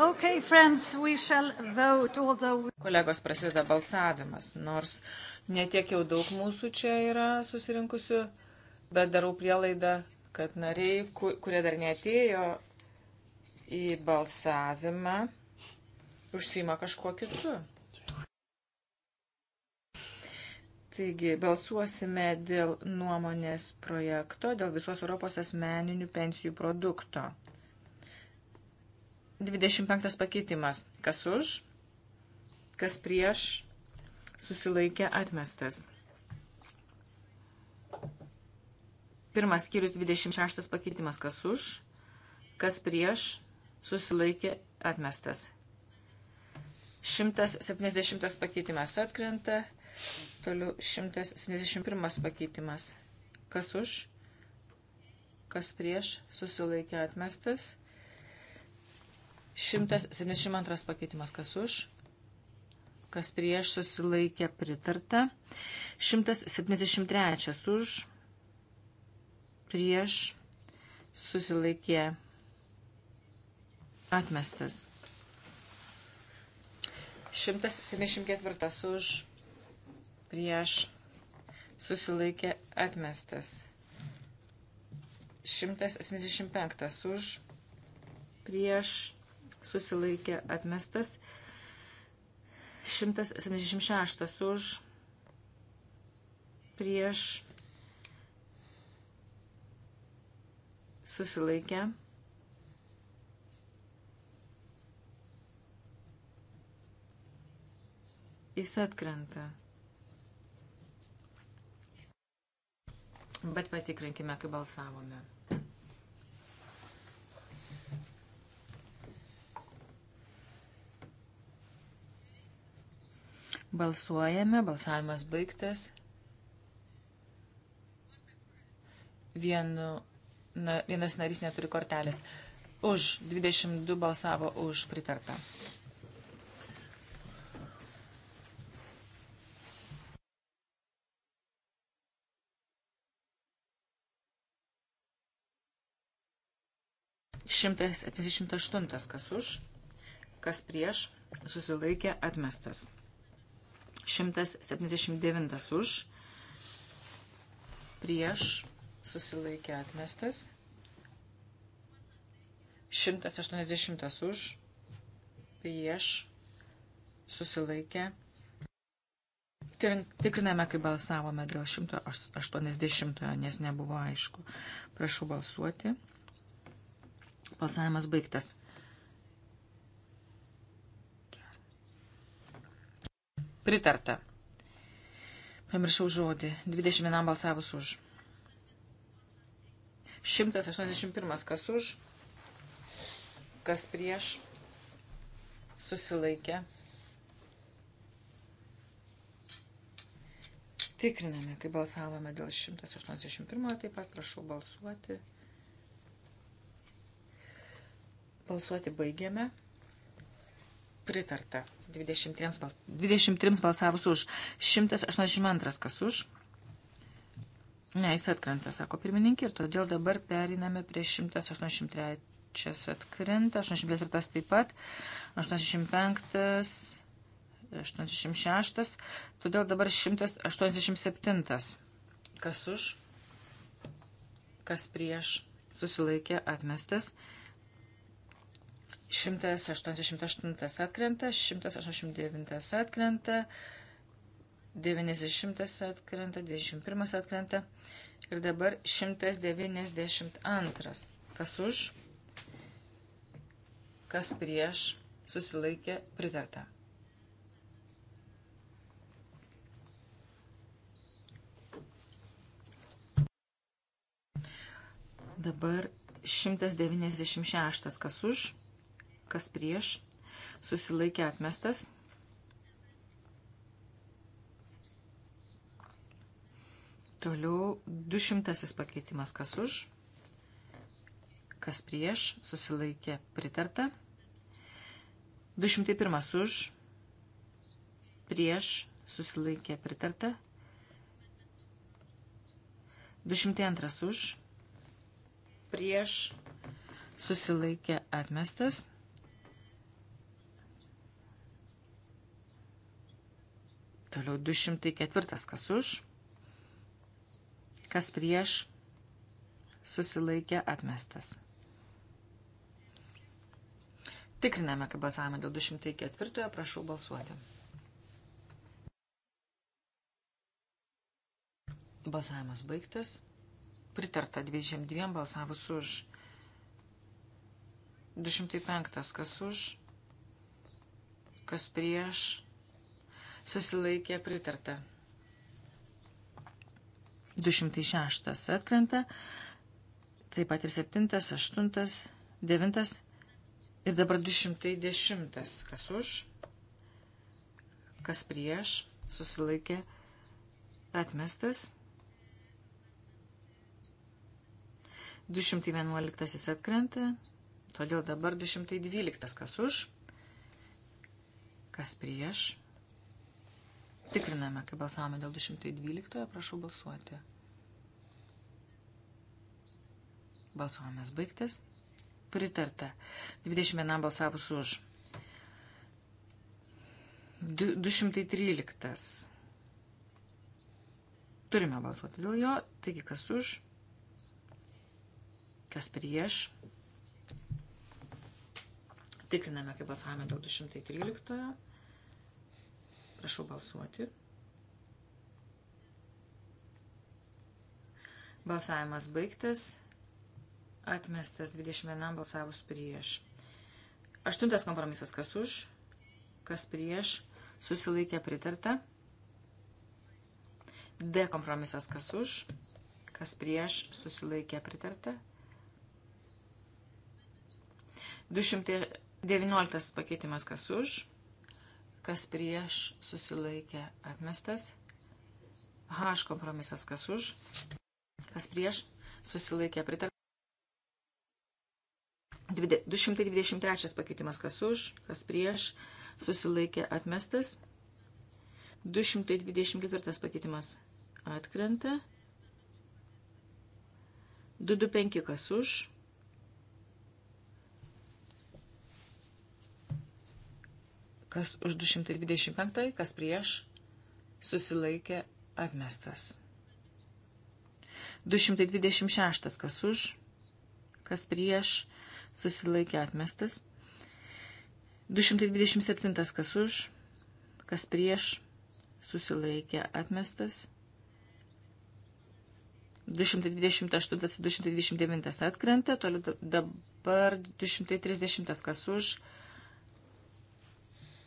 Okay, friends, vote, although... Kolegos prasideda balsavimas, nors netiek jau daug mūsų čia yra susirinkusių, bet darau prielaidą, kad nariai, kurie dar neatėjo į balsavimą, užsima kažkuo kitu. Taigi, balsuosime dėl nuomonės projekto, dėl visos Europos asmeninių pensijų produkto. 25 pakeitimas. Kas už, kas prieš, susilaikė atmestas. Pirmas skyrius 26 pakeitimas. Kas už, kas prieš, susilaikė atmestas. 170 pakeitimas atkrenta. Toliau 171 pakeitimas. Kas už, kas prieš, susilaikė atmestas. 172 pakeitimas kas už, kas prieš susilaikė pritarta. 173 už, prieš susilaikė atmestas. 174 už, prieš susilaikė atmestas. 175 už, prieš susilaikė atmestas. 176 už prieš susilaikę. Jis atkrenta. Bet patikrinkime, kaip balsavome. Balsuojame, balsavimas baigtas. Vienu, na, vienas narys neturi kortelės. Už 22 balsavo už pritartą. Šimtas 78 kas už, kas prieš, susilaikė atmestas. 179 už, prieš, susilaikė atmestas, 180 už, prieš, susilaikė. Tikriname, kai balsavome dėl 180, nes nebuvo aišku. Prašau balsuoti. Balsavimas baigtas. Pritarta. Pamiršau žodį. 21 balsavus už. 181 kas už, kas prieš, susilaikė. Tikriname, kai balsavome dėl 181, taip pat prašau balsuoti. Balsuoti baigėme pritarta. 23, 23 balsavus už. 182 kas už. Ne, jis atkrenta, sako pirmininkė, ir todėl dabar periname prie 183. Atkrenta, 84 taip pat, 85, 86, todėl dabar 187. Kas už, kas prieš, susilaikė atmestas. 188 atkrenta, 189 atkrenta, 90 atkrenta, 21 atkrenta ir dabar 192. Kas už, kas prieš, susilaikė pritarta. Dabar 196. Kas už, kas prieš, susilaikė atmestas. Toliau 200 pakeitimas, kas už, kas prieš, susilaikė pritarta. 201 už, prieš, susilaikė pritarta. 202 už, prieš, susilaikė atmestas. Toliau 204. Kas už? Kas prieš? Susilaikė atmestas. Tikriname, kaip balsavome dėl 204. Prašau balsuoti. Balsavimas baigtas. Pritarta 22 balsavus už. 205. Kas už? Kas prieš? susilaikė pritarta. 206 atkrenta, taip pat ir 7, 8, 9 ir dabar 210. Kas už, kas prieš, susilaikė atmestas. 211 atkrenta, todėl dabar 212 kas už, kas prieš, Tikriname, kai balsavome dėl 212, prašau balsuoti. Balsuojamas baigtas. Pritarta. 21 balsavus už. 213. Turime balsuoti dėl jo. Taigi, kas už, kas prieš. Tikriname, kaip balsavome dėl 213. Prašau balsuoti. Balsavimas baigtas. Atmestas 21 balsavus prieš. Aštuntas kompromisas. Kas už? Kas prieš? Susilaikė pritarta. D kompromisas. Kas už? Kas prieš? Susilaikė pritarta. 219 pakeitimas. Kas už? kas prieš susilaikė atmestas. H kompromisas, kas už, kas prieš susilaikė pritarta. 223 pakeitimas, kas už, kas prieš susilaikė atmestas. 224 pakeitimas atkrenta. 225 kas už, Kas už 225, kas prieš, susilaikė atmestas. 226, kas už, kas prieš, susilaikė atmestas. 227, kas už, kas prieš, susilaikė atmestas. 228-229 atkrenta, toliau dabar 230 kas už,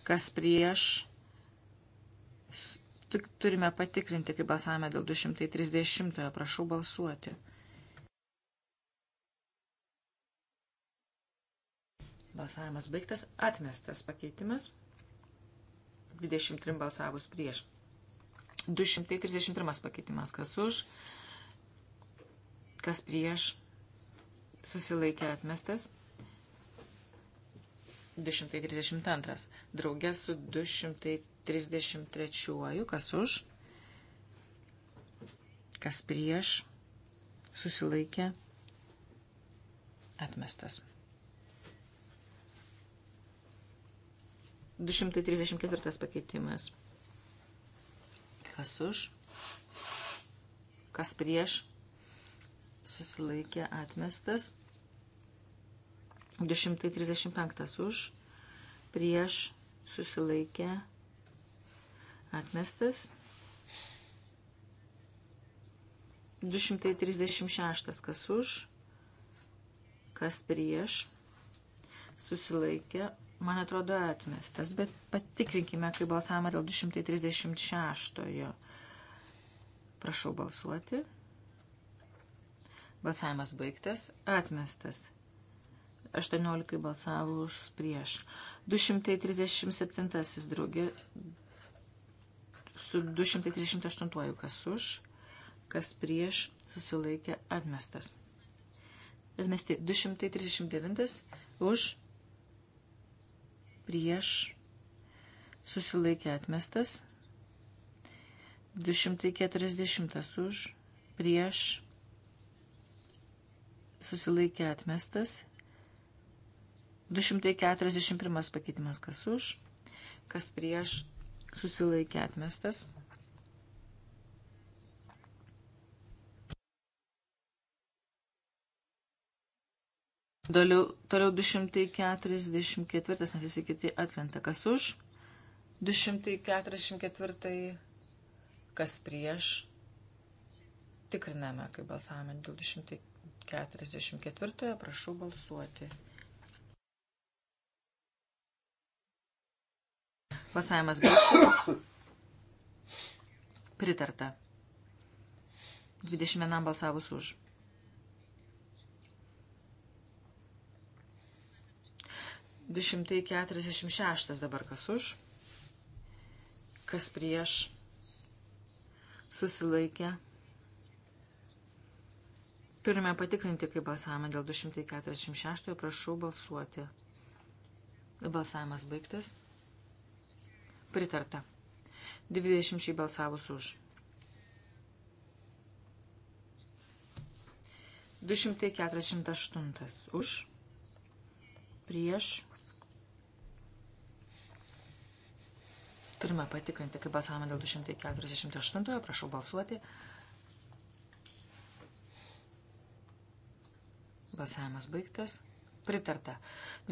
kas prieš. Turime patikrinti, kaip balsavome dėl 230. Prašau balsuoti. Balsavimas baigtas, atmestas pakeitimas. 23 balsavus prieš. 231 pakeitimas. Kas už, kas prieš, susilaikė atmestas. 232. Draugė su 233. Kas už? Kas prieš? Susilaikė? Atmestas. 234 pakeitimas. Kas už? Kas prieš? Susilaikė atmestas. 235 už, prieš susilaikė atmestas. 236 kas už, kas prieš susilaikė, man atrodo, atmestas, bet patikrinkime, kaip balsavome dėl 236. Prašau balsuoti. Balsavimas baigtas, atmestas. 18 balsavo už prieš. 237 draugė su 238 kas už, kas prieš susilaikė atmestas. Atmesti 239 už prieš susilaikė atmestas. 240 už prieš susilaikė atmestas. 241 pakeitimas kas už, kas prieš susilaikė atmestas. Toliau, toliau 244, nes visi kiti atkrenta. Kas už? 244, kas prieš? Tikriname, kai balsavome dėl 244, prašau balsuoti. Pasavimas baigtas. Pritarta. 21 balsavus už. Du šimtai keturiasdešimt šeštas dabar kas už, kas prieš, susilaikė. Turime patikrinti, kaip balsavome dėl 246, prašau balsuoti. Balsavimas baigtas. Pritarta. 20 balsavus už. 248 už. Prieš. Turime patikrinti, kaip balsavome dėl 248. Prašau balsuoti. Balsavimas baigtas. Pritarta.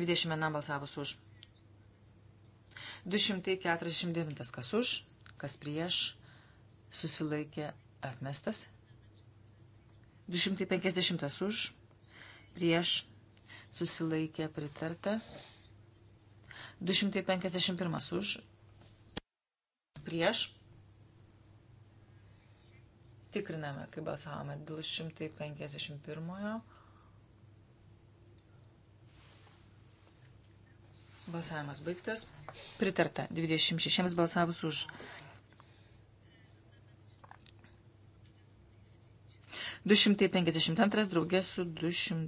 21 balsavus už. 249 kas už, kas prieš, susilaikė atmestas. 250 už, prieš, susilaikė pritarta. 251 už, prieš. Tikriname, kaip balsavome 251. Balsavimas baigtas. Pritarta 26 balsavus už. 252 draugė su 200.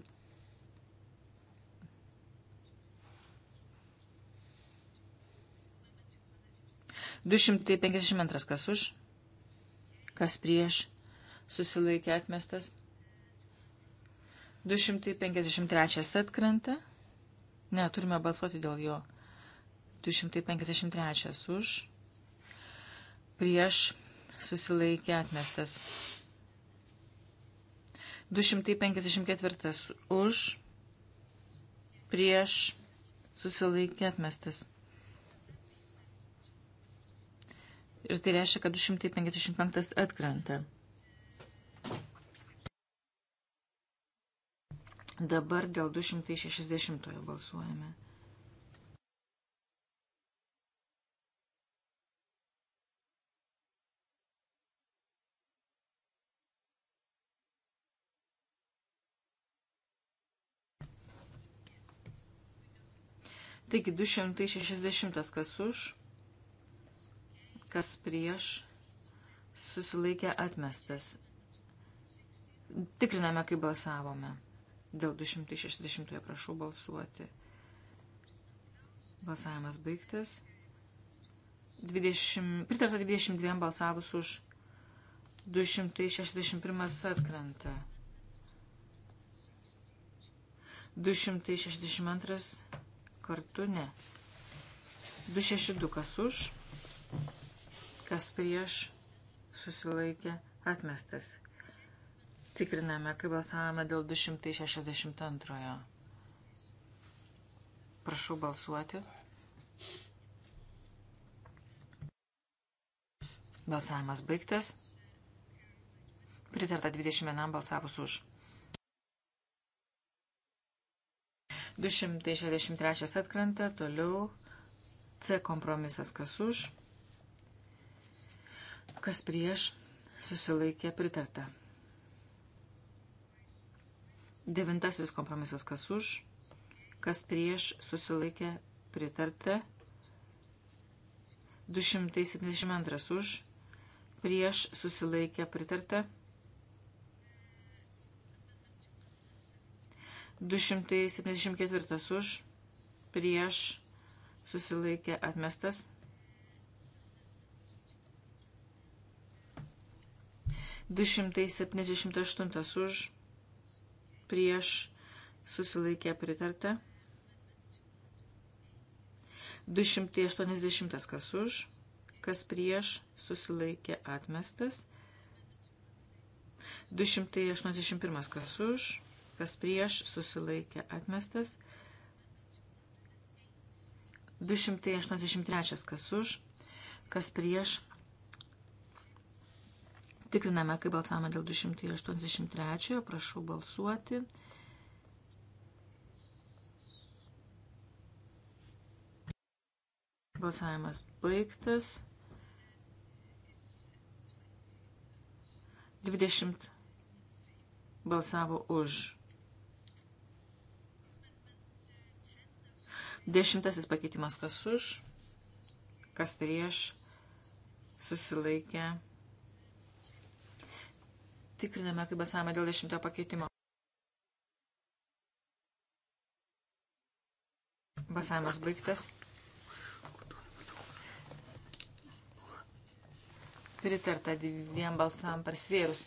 Du šimtai penkiasdešimt antras kas už, kas prieš, susilaikė atmestas. Du šimtai penkiasdešimt trečias atkrenta. Ne, turime balsuoti dėl jo. 253 už. Prieš susilaikė atmestas. 254 už. Prieš susilaikė atmestas. Ir tai reiškia, kad 255 atkrenta. Dabar dėl 260 balsuojame. Taigi 260 kas už, kas prieš, susilaikė atmestas. Tikriname, kaip balsavome. Dėl 260 prašau balsuoti. Balsavimas baigtas. 20, pritarta 22 balsavus už 261 atkrenta. 262 kartu ne. 262 kas už, kas prieš susilaikė atmestas. Tikriname, kai balsavome dėl 262. Prašau balsuoti. Balsavimas baigtas. Pritarta 21 balsavus už. 263 atkrenta, toliau C kompromisas kas už, kas prieš, susilaikė pritarta. Devintasis kompromisas, kas už, kas prieš susilaikė pritarta. 272 už, prieš susilaikė pritarta. 274 už, prieš susilaikė atmestas. 278 už, prieš susilaikė pritarta. 280 kas už, kas prieš susilaikė atmestas. 281 kas už, kas prieš susilaikė atmestas. 283 kas už, kas prieš Tikriname, kaip balsavome dėl 283. Prašau balsuoti. Balsavimas baigtas. 20 balsavo už. Dešimtasis pakeitimas kas už, kas prieš, susilaikė Tikriname, kaip balsavome dėl dešimtojo pakeitimo. Balsavimas baigtas. Pritarta dviem balsam per svėrus.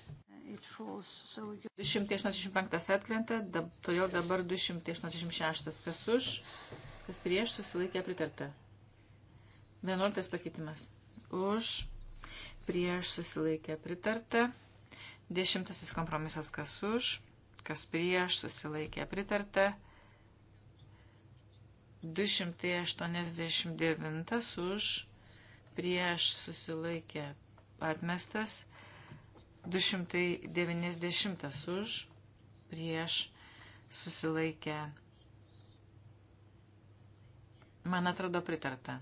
285 atkrenta, dab, todėl dabar 286. Kas už, kas prieš, susilaikė pritarta. 11 pakeitimas. Už, prieš, susilaikė pritarta. Dešimtasis kompromisas kas už, kas prieš, susilaikė pritarta. 289 už, prieš susilaikė atmestas. 290 už, prieš susilaikė. Man atrodo pritarta.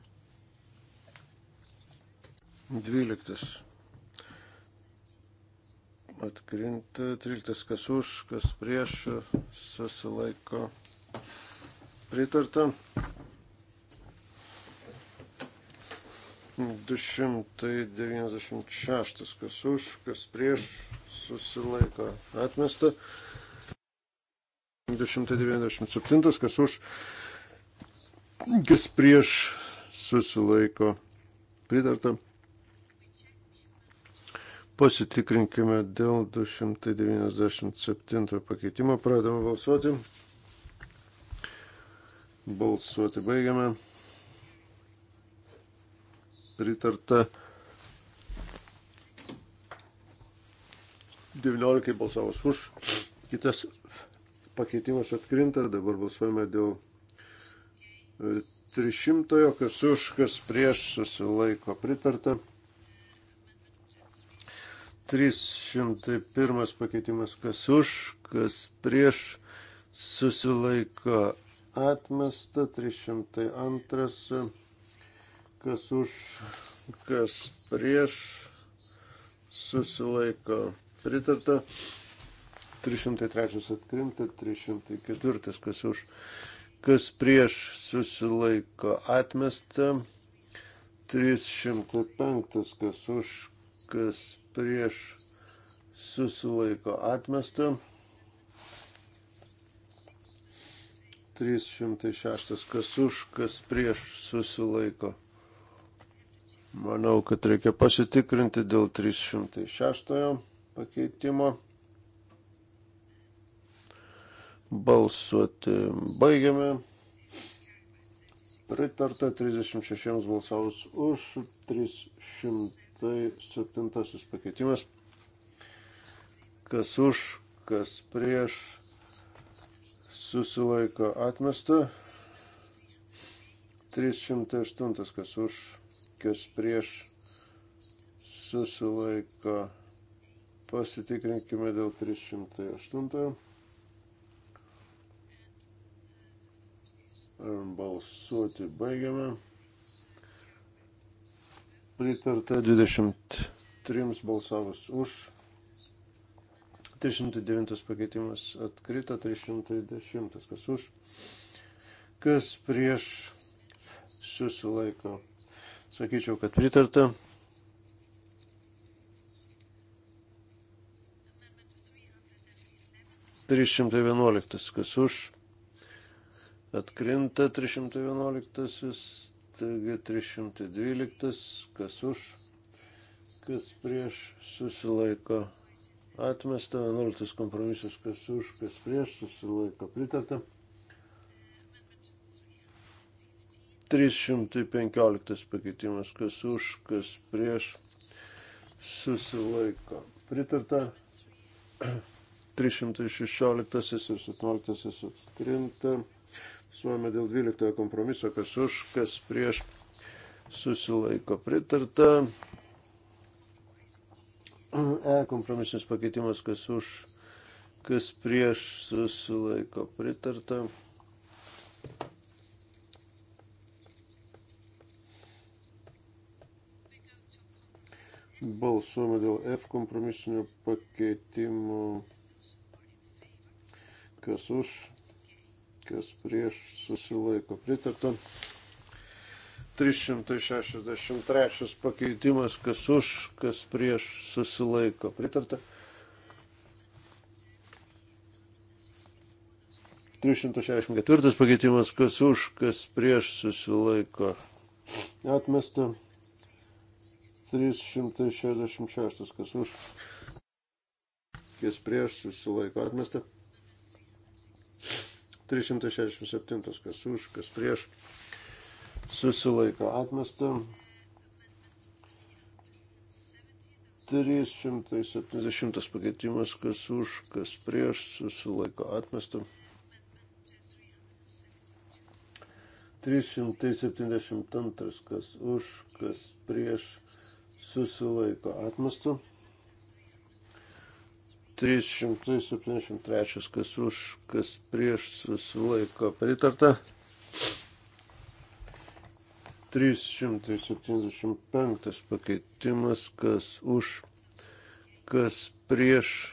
12 atkrinta, 13 kas už, kas prieš, susilaiko pritarta. 296 kas už, kas prieš, susilaiko atmesta. 297 kas už, kas prieš, susilaiko pritarta. Pasitikrinkime dėl 297 pakeitimo. Pradame balsuoti. Balsuoti baigiame. Pritarta 19 balsavus už. Kitas pakeitimas atkrinta. Dabar balsuojame dėl 300, e, kas už, kas prieš susilaiko pritarta. 301 pakeitimas, kas už, kas prieš, susilaiko atmesta, 302, kas už, kas prieš, susilaiko pritarta, 303 atkrinta, 304 kas už, kas prieš, susilaiko atmesta, 305 kas už, kas prieš susilaiko atmestą. 306. Kas už, kas prieš susilaiko. Manau, kad reikia pasitikrinti dėl 306 pakeitimo. Balsuoti baigiame. Pritarta 36 balsavus už 300. 107 tai pakeitimas. Kas už, kas prieš susilaiko atmesta. 308 kas už, kas prieš susilaiko. Pasitikrinkime dėl 308. Balsuoti baigiame. Pritarta 23 balsavus už. 309 pakeitimas atkrito, 310 kas už. Kas prieš susilaiko. Sakyčiau, kad pritarta. Trys šimtai vienuoliktas, kas už, atkrinta trys šimtai vienuoliktasis, Taigi 312, kas už, kas prieš, susilaiko atmesta, 11 kompromisas, kas už, kas prieš, susilaiko pritarta. 315 pakeitimas, kas už, kas prieš, susilaiko pritarta. 316 ir 17 atkrinta. Suome dėl 12 kompromiso, kas už, kas prieš susilaiko pritarta. E kompromisinis pakeitimas, kas už, kas prieš susilaiko pritarta. Balsuojame dėl F kompromisinio pakeitimo. Kas už, kas prieš susilaiko pritarta. 363 pakeitimas, kas už, kas prieš susilaiko pritarta. 364 pakeitimas, kas už, kas prieš susilaiko atmesta. 366, kas už, kas prieš susilaiko atmesta. 367, kas už, kas prieš, susilaiko atmesta. 370 pakeitimas, kas už, kas prieš, susilaiko atmesta. 372, kas už, kas prieš, susilaiko atmesta. 373, kas už, kas prieš susilaiko pritarta. 375 pakeitimas, kas už, kas prieš.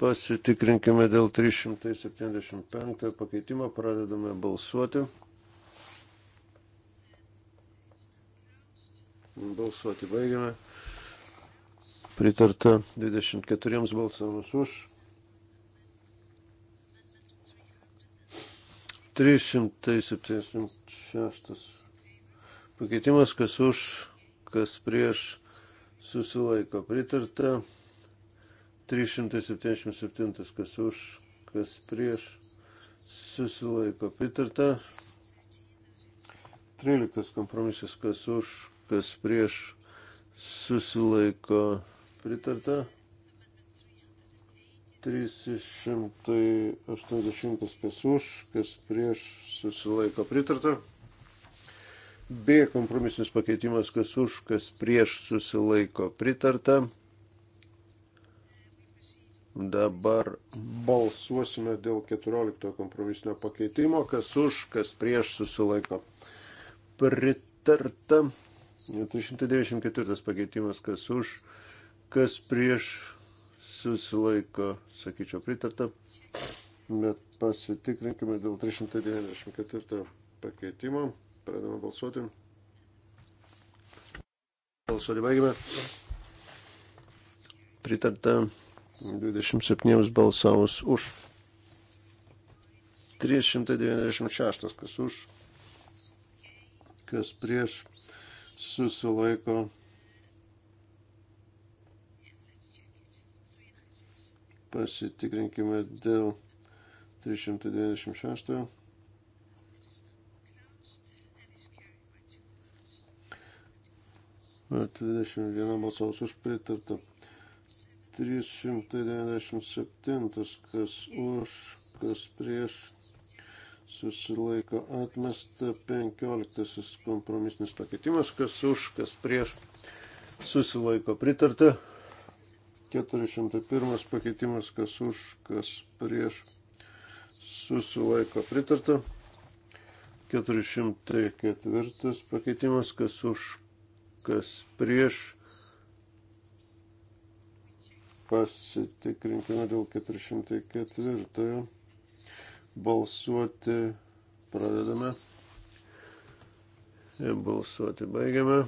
Pasitikrinkime dėl 375 pakeitimo, pradedame balsuoti. Balsuoti baigiame pritarta 24 balsams už. 376 pakeitimas, kas už, kas prieš susilaiko pritarta. 377 kas už, kas prieš susilaiko pritarta. 13 kompromisas, kas už, kas prieš, susilaiko pritarta. 380 kas už, kas prieš susilaiko pritarta. B kompromisinis pakeitimas, kas už, kas prieš susilaiko pritarta. Dabar balsuosime dėl 14 kompromisinio pakeitimo, kas už, kas prieš susilaiko pritarta. 394 pakeitimas, kas už, kas prieš susilaiko pritarta kas prieš susilaiko, sakyčiau, pritarta. Bet pasitikrinkime dėl 394 pakeitimo. Pradame balsuoti. Balsuoti baigime. Pritarta 27 balsavus už. 396 kas už, kas prieš susilaiko Pasitikrinkime dėl 396. At 21 balsaus už pritartą. 397, kas už, kas prieš, susilaiko atmesta 15 kompromisinis pakeitimas, kas už, kas prieš, susilaiko pritarta. 401 pakeitimas, kas už, kas prieš, susilaiko pritarta. 404 pakeitimas, kas už, kas prieš. Pasitikrinkime dėl 404. Balsuoti pradedame. Ir balsuoti baigiame.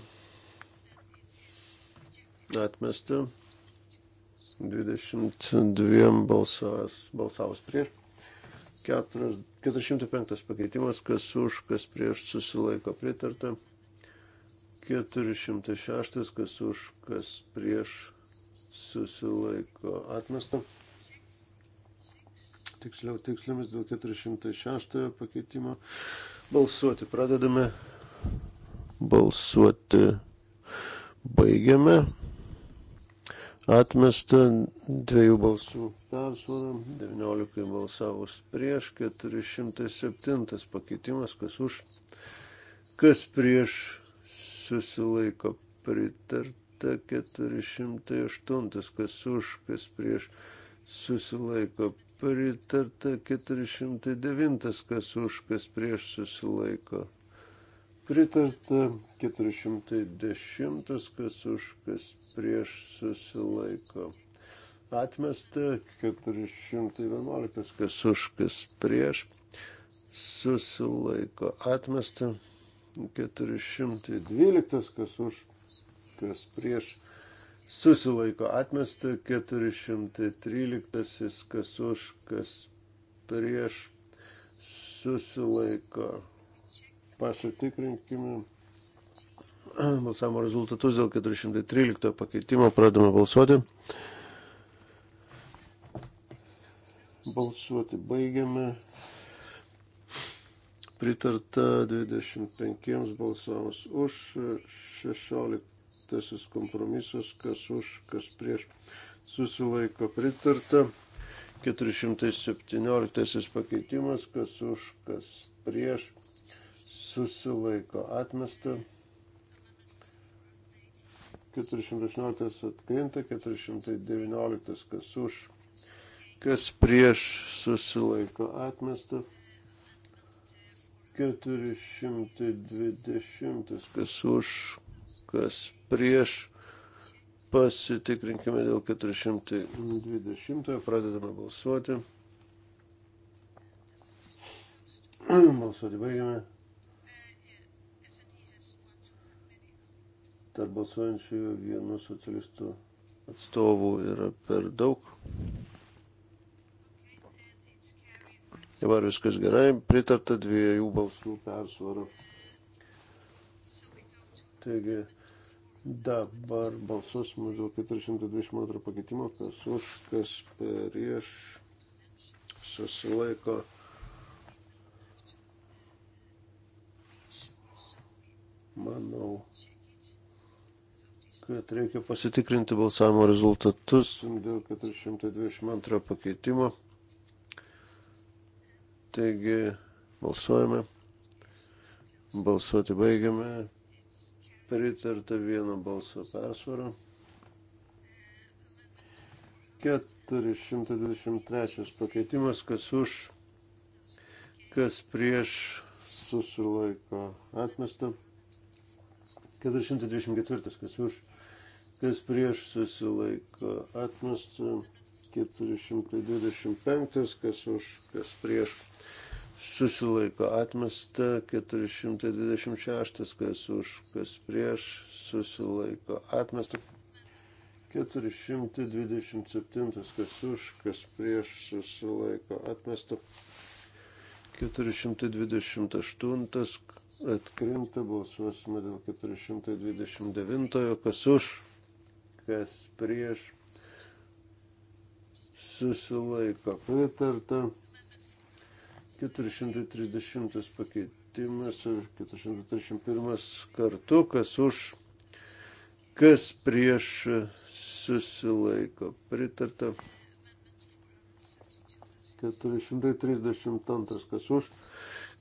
Atmesti. 22 balsas, balsavus prieš. 405 pakeitimas, kas už, kas prieš susilaiko pritarta. 406, kas už, kas prieš susilaiko atmesta. Tiksliau, tiksliamis dėl 406 pakeitimo. Balsuoti pradedame. Balsuoti baigiame atmesta dviejų balsų persvara, 19 balsavus prieš, 407 pakeitimas, kas už, kas prieš susilaiko pritarta, 408, kas už, kas prieš susilaiko pritarta, 409, kas už, kas prieš susilaiko Pritarta 410, kas už, kas prieš susilaiko. Atmesta 411, kas už, kas prieš susilaiko. Atmesta 412, kas už, kas prieš susilaiko. Atmesta 413, kas už, kas prieš susilaiko Pasitikrinkime balsavimo rezultatus dėl 413 pakeitimo. Pradame balsuoti. Balsuoti baigiame. Pritarta 25 balsavus už, 16 kompromisas, kas už, kas prieš susilaiko pritarta. 417 pakeitimas, kas už, kas prieš, susilaiko atmesta. 418 atkrinta, 419 kas už, kas prieš susilaiko atmesta. 420 kas už, kas prieš. Pasitikrinkime dėl 420, pradedame balsuoti. balsuoti baigiame. tarp balsuojančiųjų vienu socialistų atstovų yra per daug. Dabar viskas gerai, pritarta dviejų balsų persvaro. Taigi dabar balsuosime dėl 422 pakeitimo, kas už, kas prieš susilaiko. Manau kad reikia pasitikrinti balsavimo rezultatus dėl 422 pakeitimo. Taigi balsuojame, balsuoti baigiame, pritarta vieno balso persvaro. 423 pakeitimas, kas už, kas prieš susilaiko atmestą. 424, kas už, kas prieš susilaiko atmesta, 425, kas už, kas prieš susilaiko atmesta, 426, kas už, kas prieš susilaiko atmesta. 427, kas už, kas prieš susilaiko atmesta. 428 atkrinta, balsuosime dėl 429, kas už, kas prieš susilaiko. Pritarta 430 pakeitimas ir 431 kartu, kas už, kas prieš susilaiko. Pritarta 432, kas už,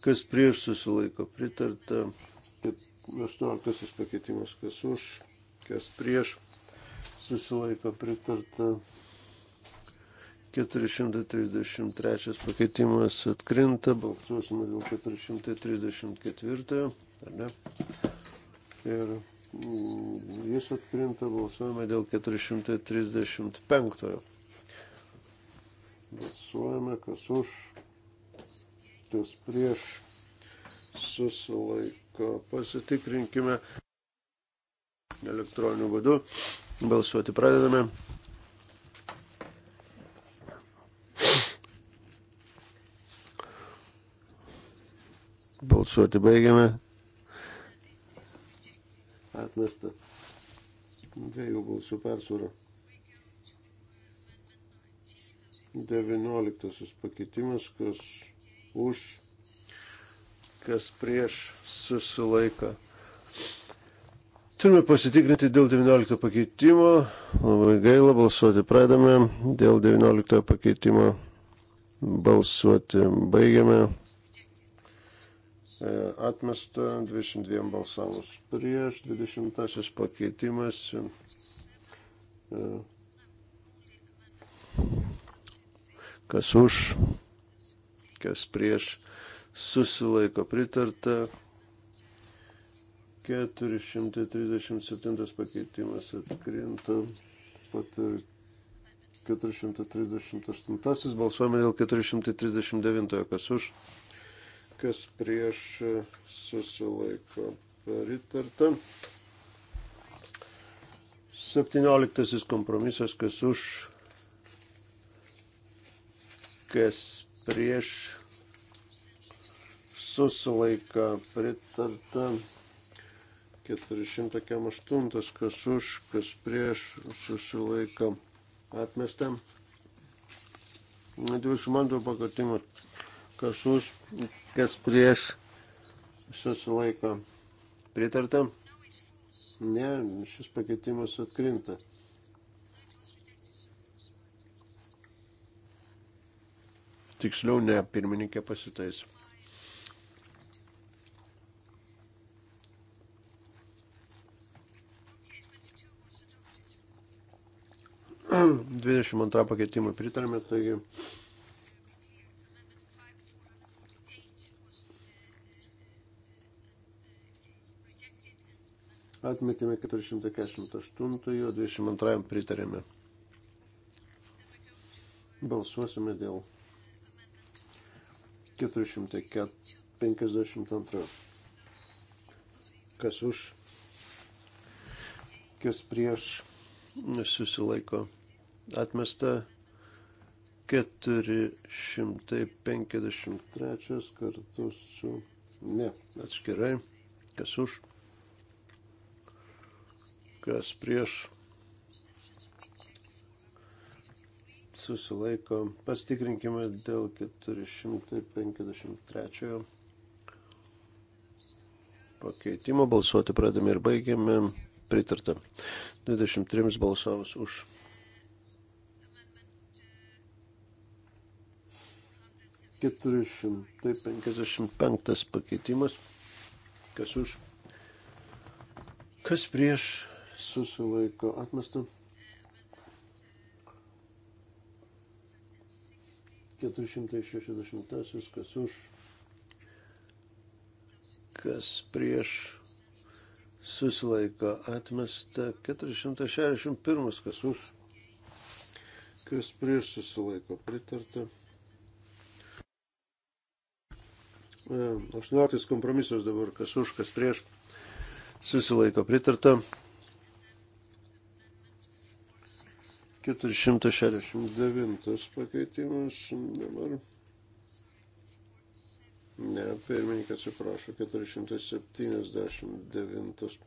kas prieš susilaiko. Pritarta 18 pakeitimas, kas už, kas prieš susilaiko susilaiko pritarta. 433 pakeitimas atkrinta, balsuosime dėl 434, ar ne? Ir mm, jis atkrinta, balsuojame dėl 435. Balsuojame, kas už, kas prieš, susilaiko, pasitikrinkime elektroniniu būdu. Balsuoti pradedame. Balsuoti baigiame. Atmesta. Dviejų balsų persvara. 19 pakeitimas, kas už, kas prieš susilaiko Turime pasitikrinti dėl 19 pakeitimo. Labai gaila, balsuoti pradame. Dėl 19 pakeitimo balsuoti baigiame. E, atmesta 22 balsavus prieš, 20 pakeitimas e, kas už, kas prieš, susilaiko pritarta, 437 pakeitimas atkrinta. Pat 438. Balsuojame dėl 439. Kas už, kas prieš susilaiko pritarta. 17. Kompromisas. Kas už, kas prieš susilaiko pritarta. 408, kas už, kas prieš, susilaiko atmestę. 22 pakartimas, kas už, kas prieš, susilaiko pritarta. Ne, šis pakeitimas atkrinta. Tiksliau ne, pirmininkė pasitaisė. 22 pakeitimui pritarėme, taigi atmetėme 448, 22 pritarėme. Balsuosime dėl 452. Kas už, kas prieš, susilaiko atmesta 453 kartu su ne atskirai, kas už, kas prieš susilaiko. Pastikrinkime dėl 453 pakeitimo. Balsuoti pradame ir baigiame. Pritarta. 23 balsavus už. 455 pakeitimas. Kas už? Kas prieš susilaiko atmestą? 460, kas už, kas prieš susilaiko atmesta, 461, kas už, kas prieš susilaiko pritarta. 18 e, kompromisas dabar, kas už, kas prieš, susilaiko pritarta. 469 pakeitimas dabar. Ne, pirmininkas atsiprašo, 479.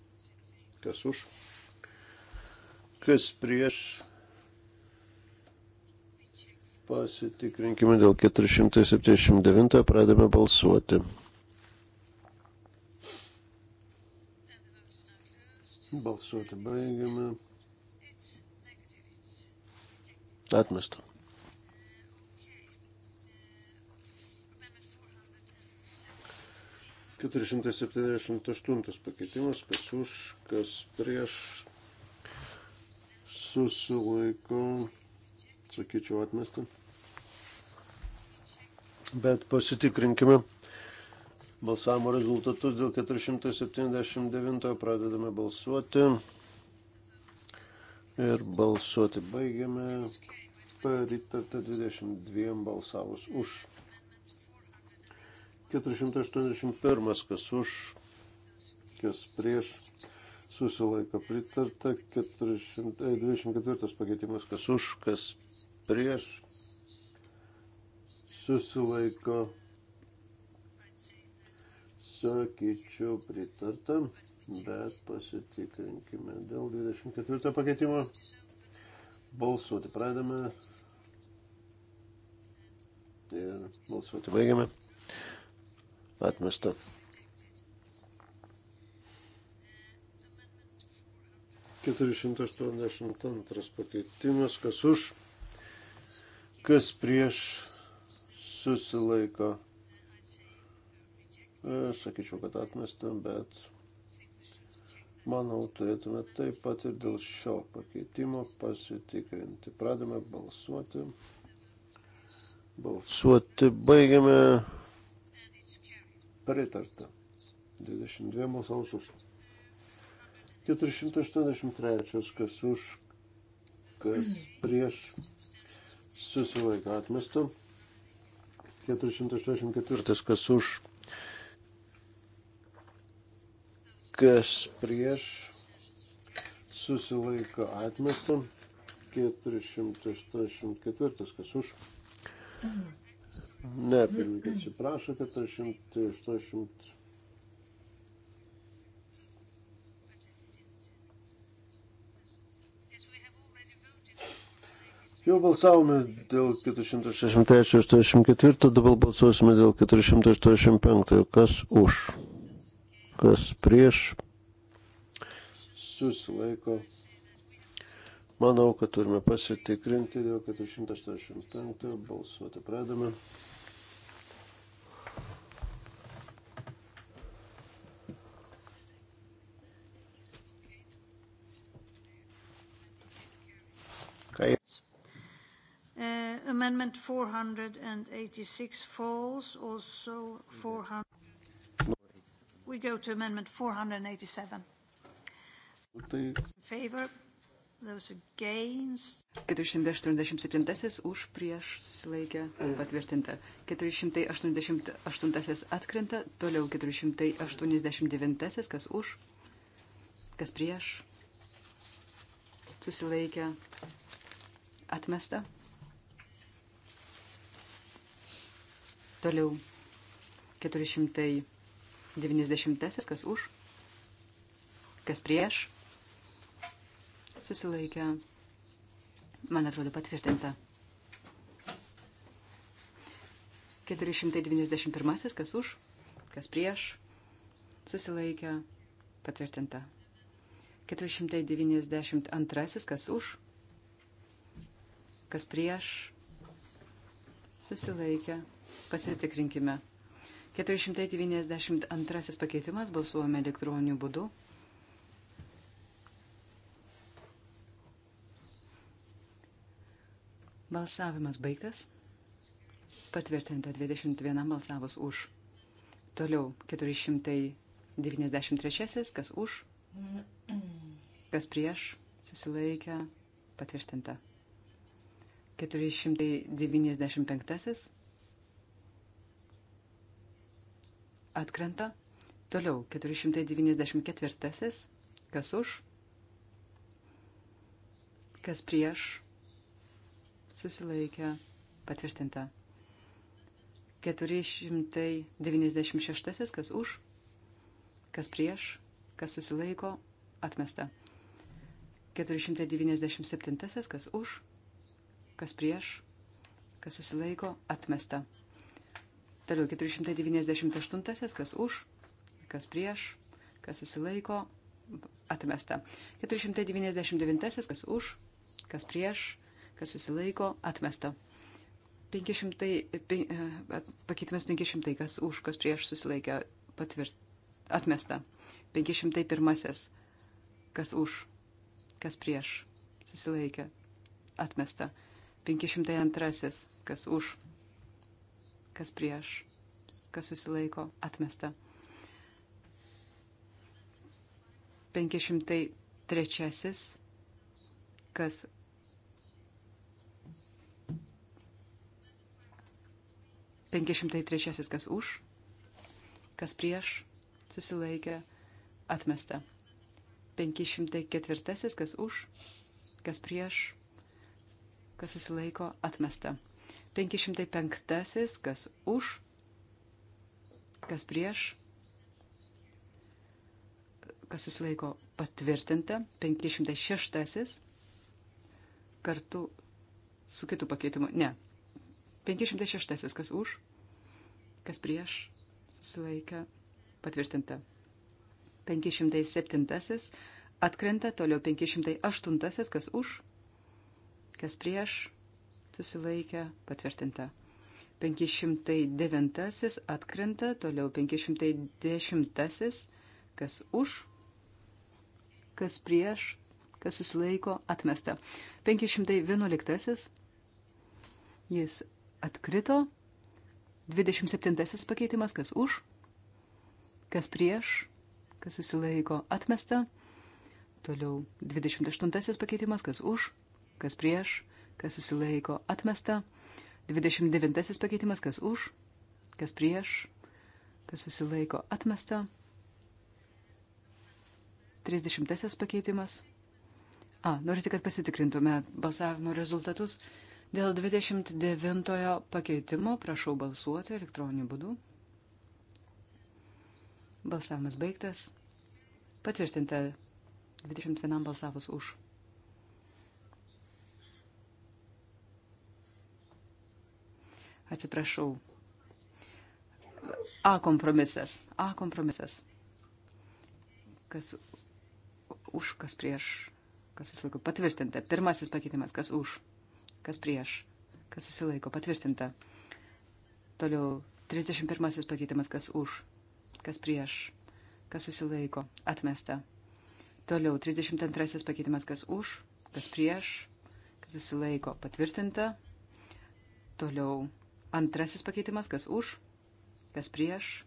Kas už? Kas prieš? Pasitikrinkime dėl 479, pradame balsuoti. Balsuoti baigiame. Atmesta. Keturi šimtai septyniasdešimt aštuntas pakeitimas, kas už, kas prieš, susilaiko sakyčiau, atmesti. Bet pasitikrinkime balsavimo rezultatus dėl 479 pradedame balsuoti. Ir balsuoti baigiame. Paritarta 22 balsavus už. 481 kas už, kas prieš susilaiko pritarta, 424 e, pakeitimas, kas už, kas prieš susilaiko. Sakyčiau pritarta, bet pasitikrinkime dėl 24 pakeitimo. Balsuoti pradame ir balsuoti baigiame. Atmesta. Keturi šimtai aštuoniasdešimt antras pakeitimas, kas už kas prieš susilaiko. E, sakyčiau, kad atmestam, bet manau, turėtume taip pat ir dėl šio pakeitimo pasitikrinti. Pradame balsuoti. Balsuoti baigiame. Pritarta. 22 balsaus už. 483, kas už, kas prieš susilaiko atmesta. 484 kas už, kas prieš susilaiko atmesta. 484 kas už. Ne, pirmininkai atsiprašo, 480. Jau balsavome dėl 463 ir 84, dabar balsuosime dėl 485. Kas už? Kas prieš? Susilaiko. Manau, kad turime pasitikrinti dėl 485. Balsuoti pradame. Uh, amendment 486 falls, also 400. We go to amendment 487. In favor, those against. 487 už prieš susilaikė mm. patvirtinta. 488 atkrenta, toliau 489, kas už, kas prieš susilaikė atmesta. Toliau 490, kas už, kas prieš, susilaikė, man atrodo, patvirtinta. 491, kas už, kas prieš, susilaikė, patvirtinta. 492, kas už, kas prieš, susilaikė, patvirtinta pasitikrinkime. 492 pakeitimas balsuojame elektroniniu būdu. Balsavimas baigtas. Patvirtinta 21 balsavus už. Toliau 493, kas už, kas prieš, susilaikę, patvirtinta. 495, Atkrenta. Toliau 494. Kas už? Kas prieš? Susilaikė. Patvirtinta. 496. Kas už? Kas prieš? Kas susilaiko? Atmesta. 497. Kas už? Kas prieš? Kas susilaiko? Atmesta. Toliau 498, kas už, kas prieš, kas susilaiko, atmesta. 499, kas už, kas prieš, kas susilaiko, atmesta. 500, e, pakeitimas 500, kas už, kas prieš susilaikė, patvirt, atmesta. 501, kas už, kas prieš susilaikė, atmesta. 502, kas už, kas prieš, kas susilaiko, atmesta. 503, kas Penkišimtai trečiasis, kas už, kas prieš, susilaikė, atmesta. 504, kas už, kas prieš, kas susilaiko, atmesta. 505, kas už, kas prieš, kas susilaiko patvirtinta, 506 kartu su kitu pakeitimu, ne, 506, kas už, kas prieš, susilaikė patvirtinta. 507 atkrenta, toliau 508, kas už, kas prieš, susilaikė, patvirtinta. 509 atkrenta, toliau 510, kas už, kas prieš, kas susilaiko, atmesta. 511, jis atkrito, 27 pakeitimas, kas už, kas prieš, kas susilaiko, atmesta. Toliau 28 pakeitimas, kas už, kas prieš, kas susilaiko atmesta. 29 pakeitimas, kas už, kas prieš, kas susilaiko atmesta. 30 pakeitimas. A, norite, kad pasitikrintume balsavimo rezultatus. Dėl 29 pakeitimo prašau balsuoti elektroniniu būdu. Balsavimas baigtas. Patvirtinta 21 balsavus už. Atsiprašau. A kompromisas. A kompromisas. Kas už, kas prieš, kas susilaiko. Patvirtinta. Pirmasis pakeitimas. Kas už, kas prieš, kas susilaiko. Patvirtinta. Toliau. 31 pakeitimas. Kas už, kas prieš, kas susilaiko. Atmesta. Toliau. 32 pakeitimas. Kas už, kas prieš, kas susilaiko. Patvirtinta. Toliau. Antrasis pakeitimas, kas už, kas prieš.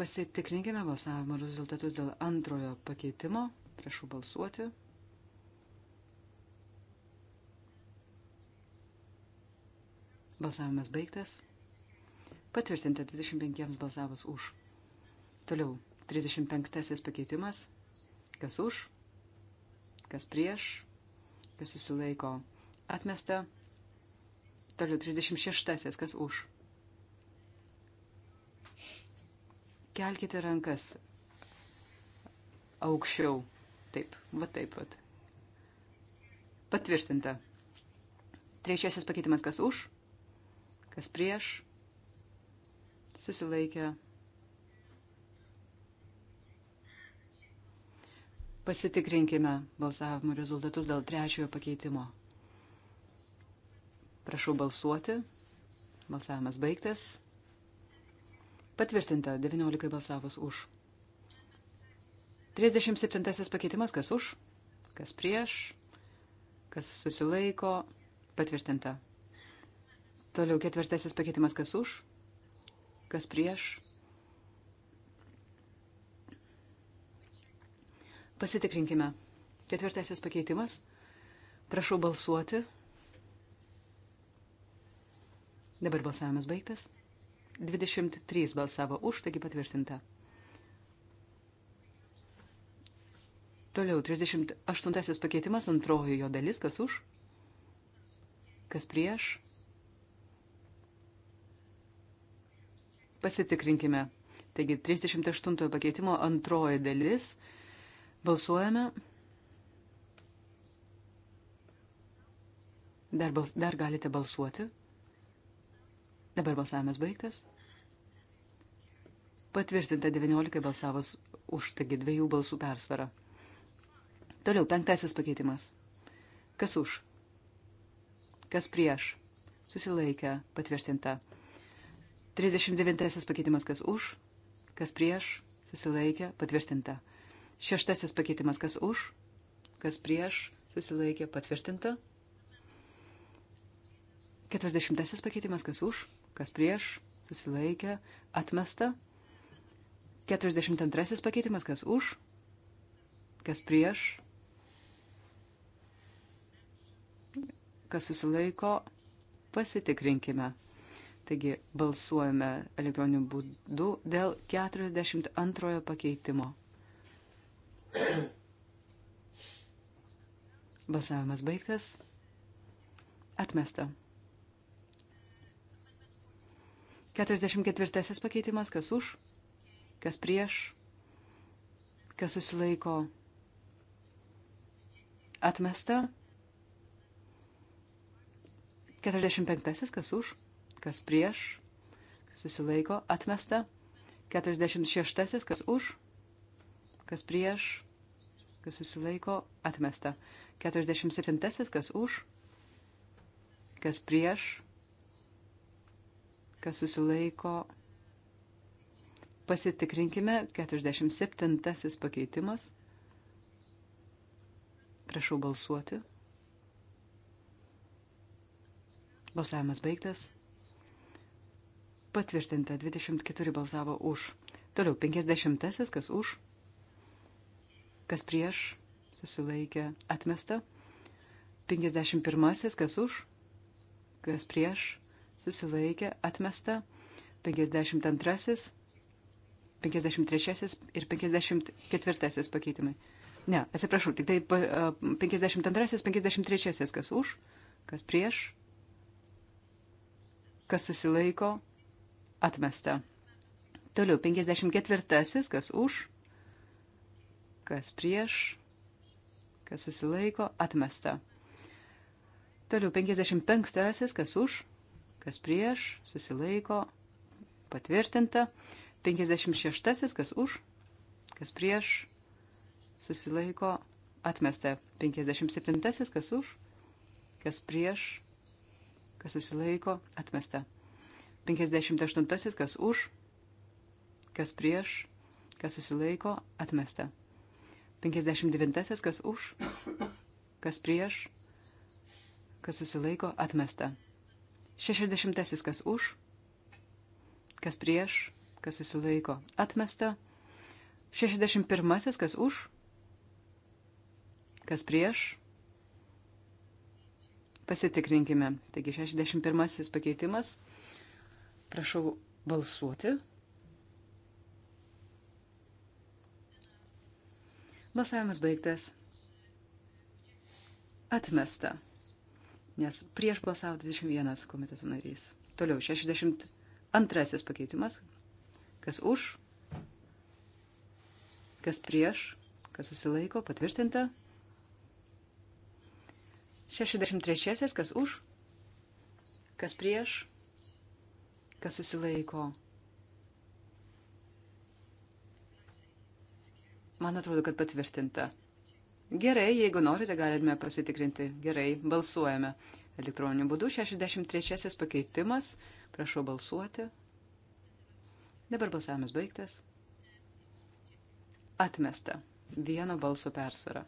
Pasitikrinkime balsavimo rezultatus dėl antrojo pakeitimo. Prašau balsuoti. Balsavimas baigtas. Patvirtinta 25 balsavus už. Toliau 35 pakeitimas. Kas už, kas prieš, kas susilaiko. Atmesta Toliau 36. Kas už? Kelkite rankas aukščiau. Taip, va taip pat. Patvirtinta. Trečiasis pakeitimas kas už, kas prieš, susilaikė. Pasitikrinkime balsavimo rezultatus dėl trečiojo pakeitimo. Prašau balsuoti. Balsavimas baigtas. Patvirtinta 19 balsavus už. 37 pakeitimas, kas už, kas prieš, kas susilaiko, patvirtinta. Toliau ketvirtasis pakeitimas, kas už, kas prieš. Pasitikrinkime. Ketvirtasis pakeitimas. Prašau balsuoti. Dabar balsavimas baigtas. 23 balsavo už, taigi patvirtinta. Toliau 38 pakeitimas, antroji jo dalis, kas už, kas prieš. Pasitikrinkime. Taigi 38 pakeitimo antroji dalis. Balsuojame. Dar, bals, dar galite balsuoti. Dabar balsavimas baigtas. Patvirtinta 19 balsavos už, taigi dviejų balsų persvara. Toliau penktasis pakeitimas. Kas už? Kas prieš? Susilaikę, patvirtinta. 39 pakeitimas kas už, kas prieš, susilaikė, patvirtinta. Šeštasis pakeitimas kas už, kas prieš, susilaikė, patvirtinta. Keturiasdešimtasis pakeitimas kas už, kas prieš, susilaikė, atmesta. 42 pakeitimas, kas už, kas prieš, kas susilaiko, pasitikrinkime. Taigi balsuojame elektroniniu būdu dėl 42 pakeitimo. Balsavimas baigtas. Atmesta. 44 pakeitimas, kas už, kas prieš, kas susilaiko atmesta. 45 kas už, kas prieš, kas susilaiko atmesta. 46 kas už, kas prieš, kas susilaiko atmesta. 47 kas už, kas prieš, kas susilaiko. Pasitikrinkime 47 pakeitimas. Prašau balsuoti. Balsavimas baigtas. Patvirtinta 24 balsavo už. Toliau 50 kas už, kas prieš, susilaikė, atmesta. 51 kas už, kas prieš, susilaikė, atmesta, 52, 53 ir 54 pakeitimai. Ne, atsiprašau, tik tai 52, 53, kas už, kas prieš, kas susilaiko, atmesta. Toliau 54, kas už, kas prieš, kas susilaiko, atmesta. Toliau 55, kas už, kas prieš, susilaiko, patvirtinta. 56, kas už, kas prieš, susilaiko, atmesta. 57, kas už, kas prieš, kas susilaiko, atmesta. 58, kas už, kas prieš, kas susilaiko, atmesta. 59, kas už, kas prieš, kas susilaiko, atmesta. Šešiasdešimtasis kas už, kas prieš, kas susilaiko atmesta. Šešiasdešimt pirmasis kas už, kas prieš. Pasitikrinkime. Taigi 61 pakeitimas. Prašau balsuoti. Balsavimas baigtas. Atmesta nes prieš balsavo 21 komiteto narys. Toliau 62 pakeitimas, kas už, kas prieš, kas susilaiko, patvirtinta. 63 kas už, kas prieš, kas susilaiko. Man atrodo, kad patvirtinta. Gerai, jeigu norite, galime pasitikrinti. Gerai, balsuojame. Elektroniniu būdu 63 pakeitimas. Prašau balsuoti. Dabar balsavimas baigtas. Atmesta. Vieno balso persvara.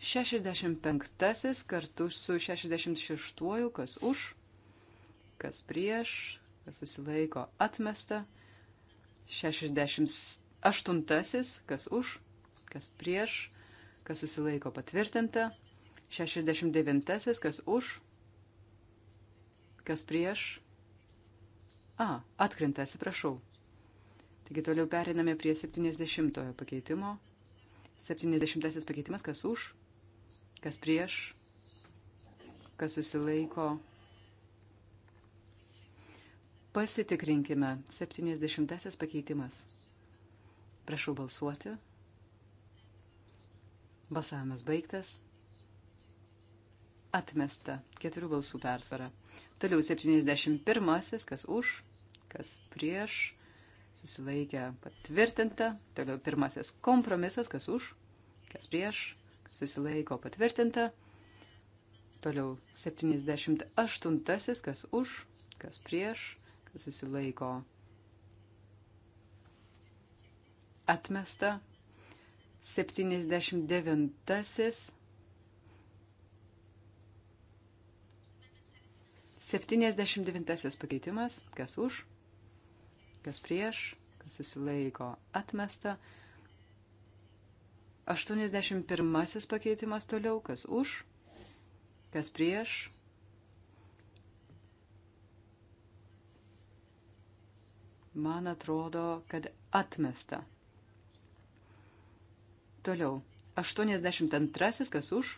65 kartu su 66, kas už, kas prieš, kas susilaiko atmesta. 67 Aštuntasis, kas už, kas prieš, kas susilaiko patvirtinta. 69, kas už, kas prieš. A, atkrinta, atsiprašau. Taigi toliau periname prie 70 pakeitimo. 70 pakeitimas, kas už, kas prieš, kas susilaiko. Pasitikrinkime. 70 pakeitimas. Prašau balsuoti. Balsavimas baigtas. Atmesta keturių balsų persvara. Toliau 71, kas už, kas prieš, susilaikė patvirtinta. Toliau pirmasis kompromisas, kas už, kas prieš, susilaiko patvirtinta. Toliau 78, kas už, kas prieš, kas susilaiko patvirtinta atmesta. 79. 79 pakeitimas, kas už, kas prieš, kas susilaiko atmesta. 81 pakeitimas toliau, kas už, kas prieš. Man atrodo, kad atmesta. Toliau. 82. Kas už?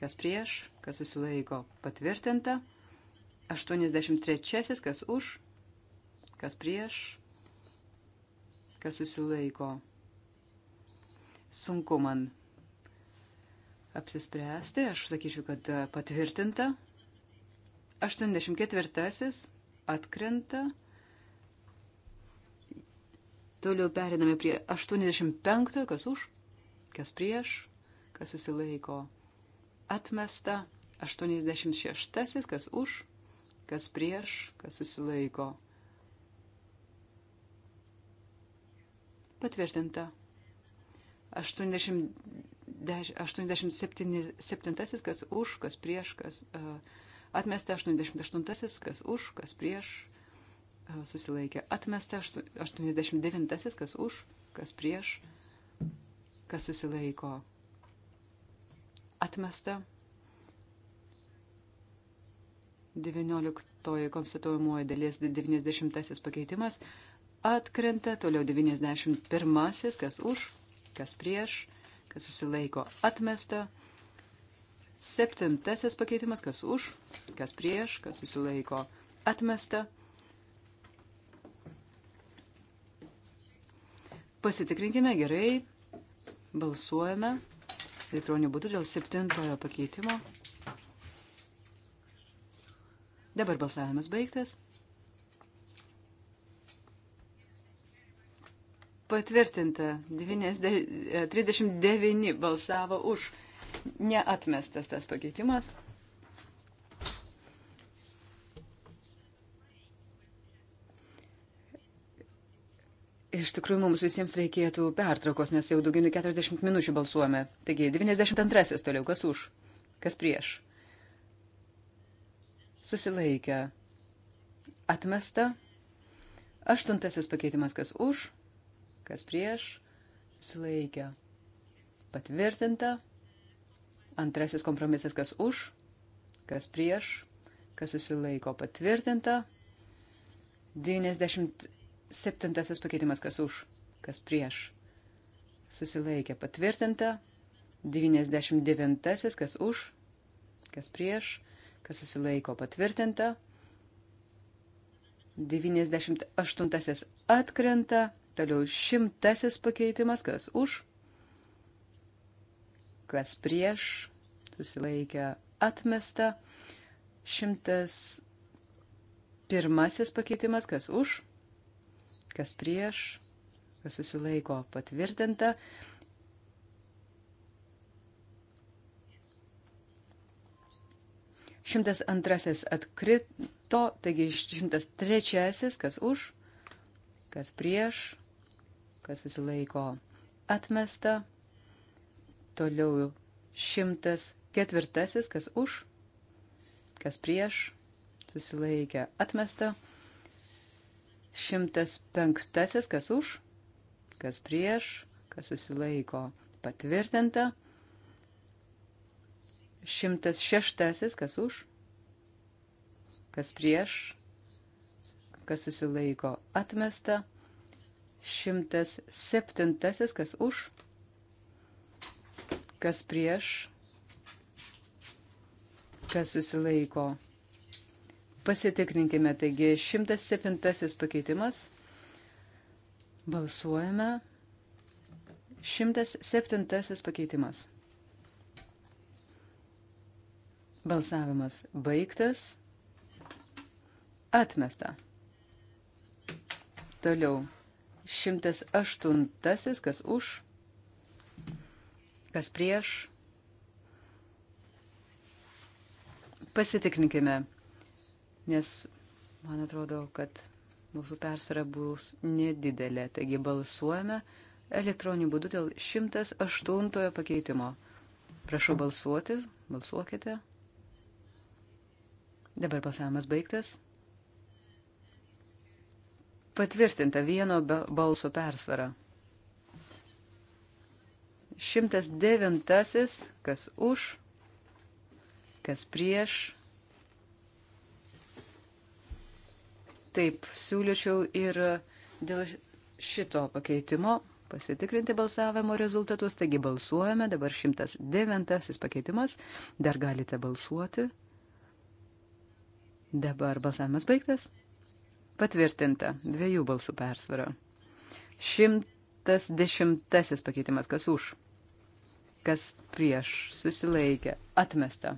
Kas prieš? Kas susilaiko? Patvirtinta. 83. Kas už? Kas prieš? Kas susilaiko? Sunku man apsispręsti. Aš sakyčiau, kad e, patvirtinta. 84. Atkrinta. Toliau periname prie 85, kas už, kas prieš, kas susilaiko atmesta. 86, kas už, kas prieš, kas susilaiko. Patvirtinta. 87, kas už, kas prieš, kas uh, atmesta. 88, kas už, kas prieš, susilaikė atmesta, 89-asis, kas už, kas prieš, kas susilaiko atmesta, 19-oji konstatuojamoji dalies 90-asis pakeitimas atkrenta, toliau 91-asis, kas už, kas prieš, kas susilaiko atmesta, Septintasis pakeitimas, kas už, kas prieš, kas susilaiko atmesta. Pasitikrinkime gerai, balsuojame elektroniniu būdu dėl septintojo pakeitimo. Dabar balsavimas baigtas. Patvirtinta, 39 e, balsavo už. Neatmestas tas pakeitimas. Iš tikrųjų, mums visiems reikėtų pertraukos, nes jau daugiau nei 40 minučių balsuojame. Taigi, 92 toliau, kas už, kas prieš. Susilaikę. Atmesta. Aštuntasis pakeitimas, kas už, kas prieš. Susilaikę. Patvirtinta. Antrasis kompromisas, kas už, kas prieš, kas susilaiko patvirtinta. 90 Septintasis pakeitimas, kas už, kas prieš. Susilaikė patvirtinta. 99, kas už, kas prieš, kas susilaiko patvirtinta. 98 atkrenta. Toliau šimtasis pakeitimas, kas už, kas prieš, susilaikė atmesta. Šimtas pirmasis pakeitimas, kas už kas prieš, kas susilaiko patvirtinta. Šimtas antrasis atkrito, taigi šimtas trečiasis, kas už, kas prieš, kas susilaiko atmesta. Toliau šimtas ketvirtasis, kas už, kas prieš, susilaikė atmesta. 105. Kas už, kas prieš, kas susilaiko patvirtinta. 106. Kas už, kas prieš, kas susilaiko atmesta. 107. Kas už, kas prieš, kas susilaiko atmesta Pasitikrinkime, taigi 107 pakeitimas. Balsuojame. 107 pakeitimas. Balsavimas baigtas. Atmesta. Toliau. 108. Kas už? Kas prieš? Pasitikrinkime nes man atrodo, kad mūsų persvara bus nedidelė. Taigi balsuojame elektroniniu būdu dėl 108 pakeitimo. Prašau balsuoti, balsuokite. Dabar balsavimas baigtas. Patvirtinta vieno balso persvara. 109. Kas už, kas prieš Taip, siūlyčiau ir dėl šito pakeitimo pasitikrinti balsavimo rezultatus. Taigi balsuojame, dabar 109 pakeitimas, dar galite balsuoti. Dabar balsavimas baigtas. Patvirtinta dviejų balsų persvara. 110 pakeitimas, kas už, kas prieš, susilaikė, atmesta.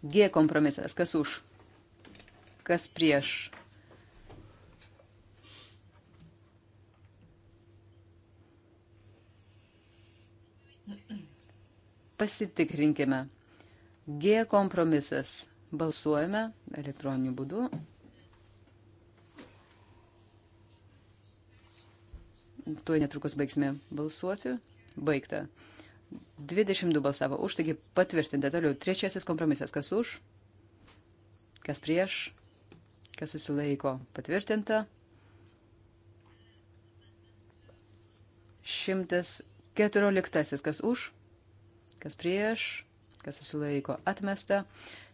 G kompromisas, kas už, kas prieš, Pasitikrinkime. G kompromisas. Balsuojame elektroniniu būdu. Tuo netrukus baigsime balsuoti. Baigta. 22 balsavo už, taigi patvirtinta toliau. Trečiasis kompromisas. Kas už? Kas prieš? Kas susilaiko? Patvirtinta. 114. Kas už? kas prieš, kas susilaiko atmesta.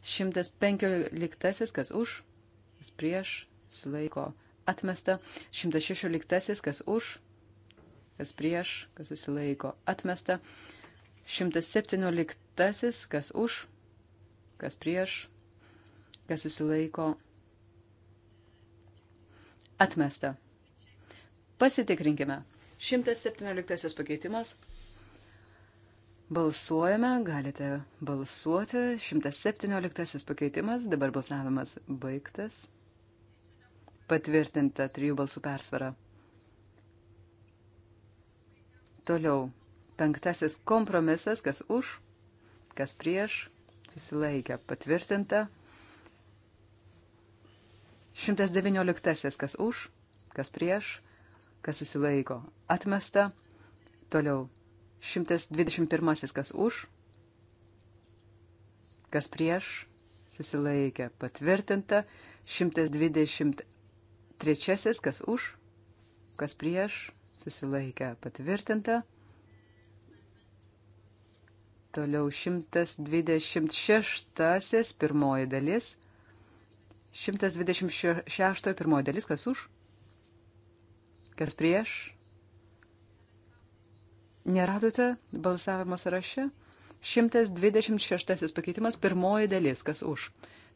115, kas už, kas prieš, susilaiko atmesta. 116, kas už, kas prieš, kas susilaiko atmesta. 117, kas už, kas prieš, kas susilaiko atmesta. Pasitikrinkime. 117 pakeitimas Balsuojame, galite balsuoti. 117 pakeitimas, dabar balsavimas baigtas. Patvirtinta trijų balsų persvara. Toliau. Penktasis kompromisas, kas už, kas prieš, susilaikė patvirtinta. 119. kas už, kas prieš, kas susilaiko atmesta. Toliau. 121 kas už, kas prieš, susilaikė patvirtinta, 123 kas už, kas prieš, susilaikė patvirtinta, toliau 126 pirmoji dalis, 126 pirmoji dalis kas už, kas prieš, Neradote balsavimo sąraše? 126 pakeitimas, pirmoji dalis, kas už,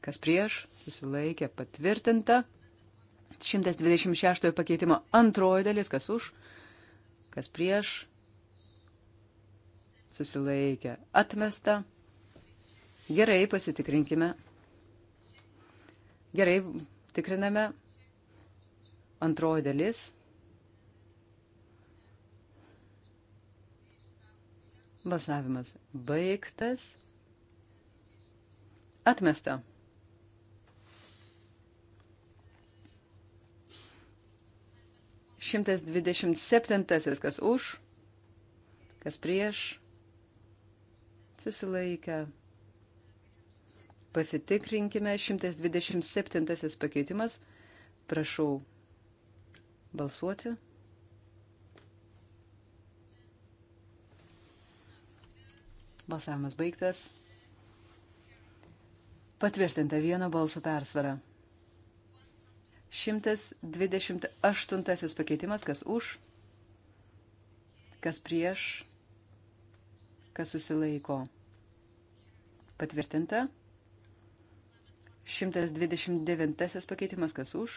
kas prieš, susilaikė patvirtinta. 126 pakeitimo antroji dalis, kas už, kas prieš, susilaikė atmesta. Gerai, pasitikrinkime. Gerai, tikriname. Antroji dalis. Balsavimas baigtas. Atmesta. Šimtas dvidešimt septintasis, kas už, kas prieš, susilaikę. Pasitikrinkime, 127 pakeitimas. Prašau balsuoti. Balsavimas baigtas. Patvirtinta vieno balsų persvara. 128 pakeitimas, kas už, kas prieš, kas susilaiko. Patvirtinta. 129 pakeitimas, kas už,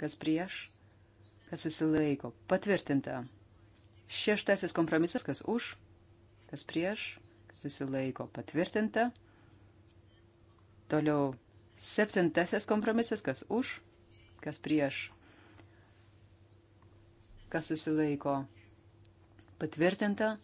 kas prieš, kas susilaiko. Patvirtinta. Šeštasis kompromisas, kas už, kas prieš, susilaiko patvirtinta. Toliau septintasis kompromisas, kas už, kas prieš, kas susilaiko patvirtinta.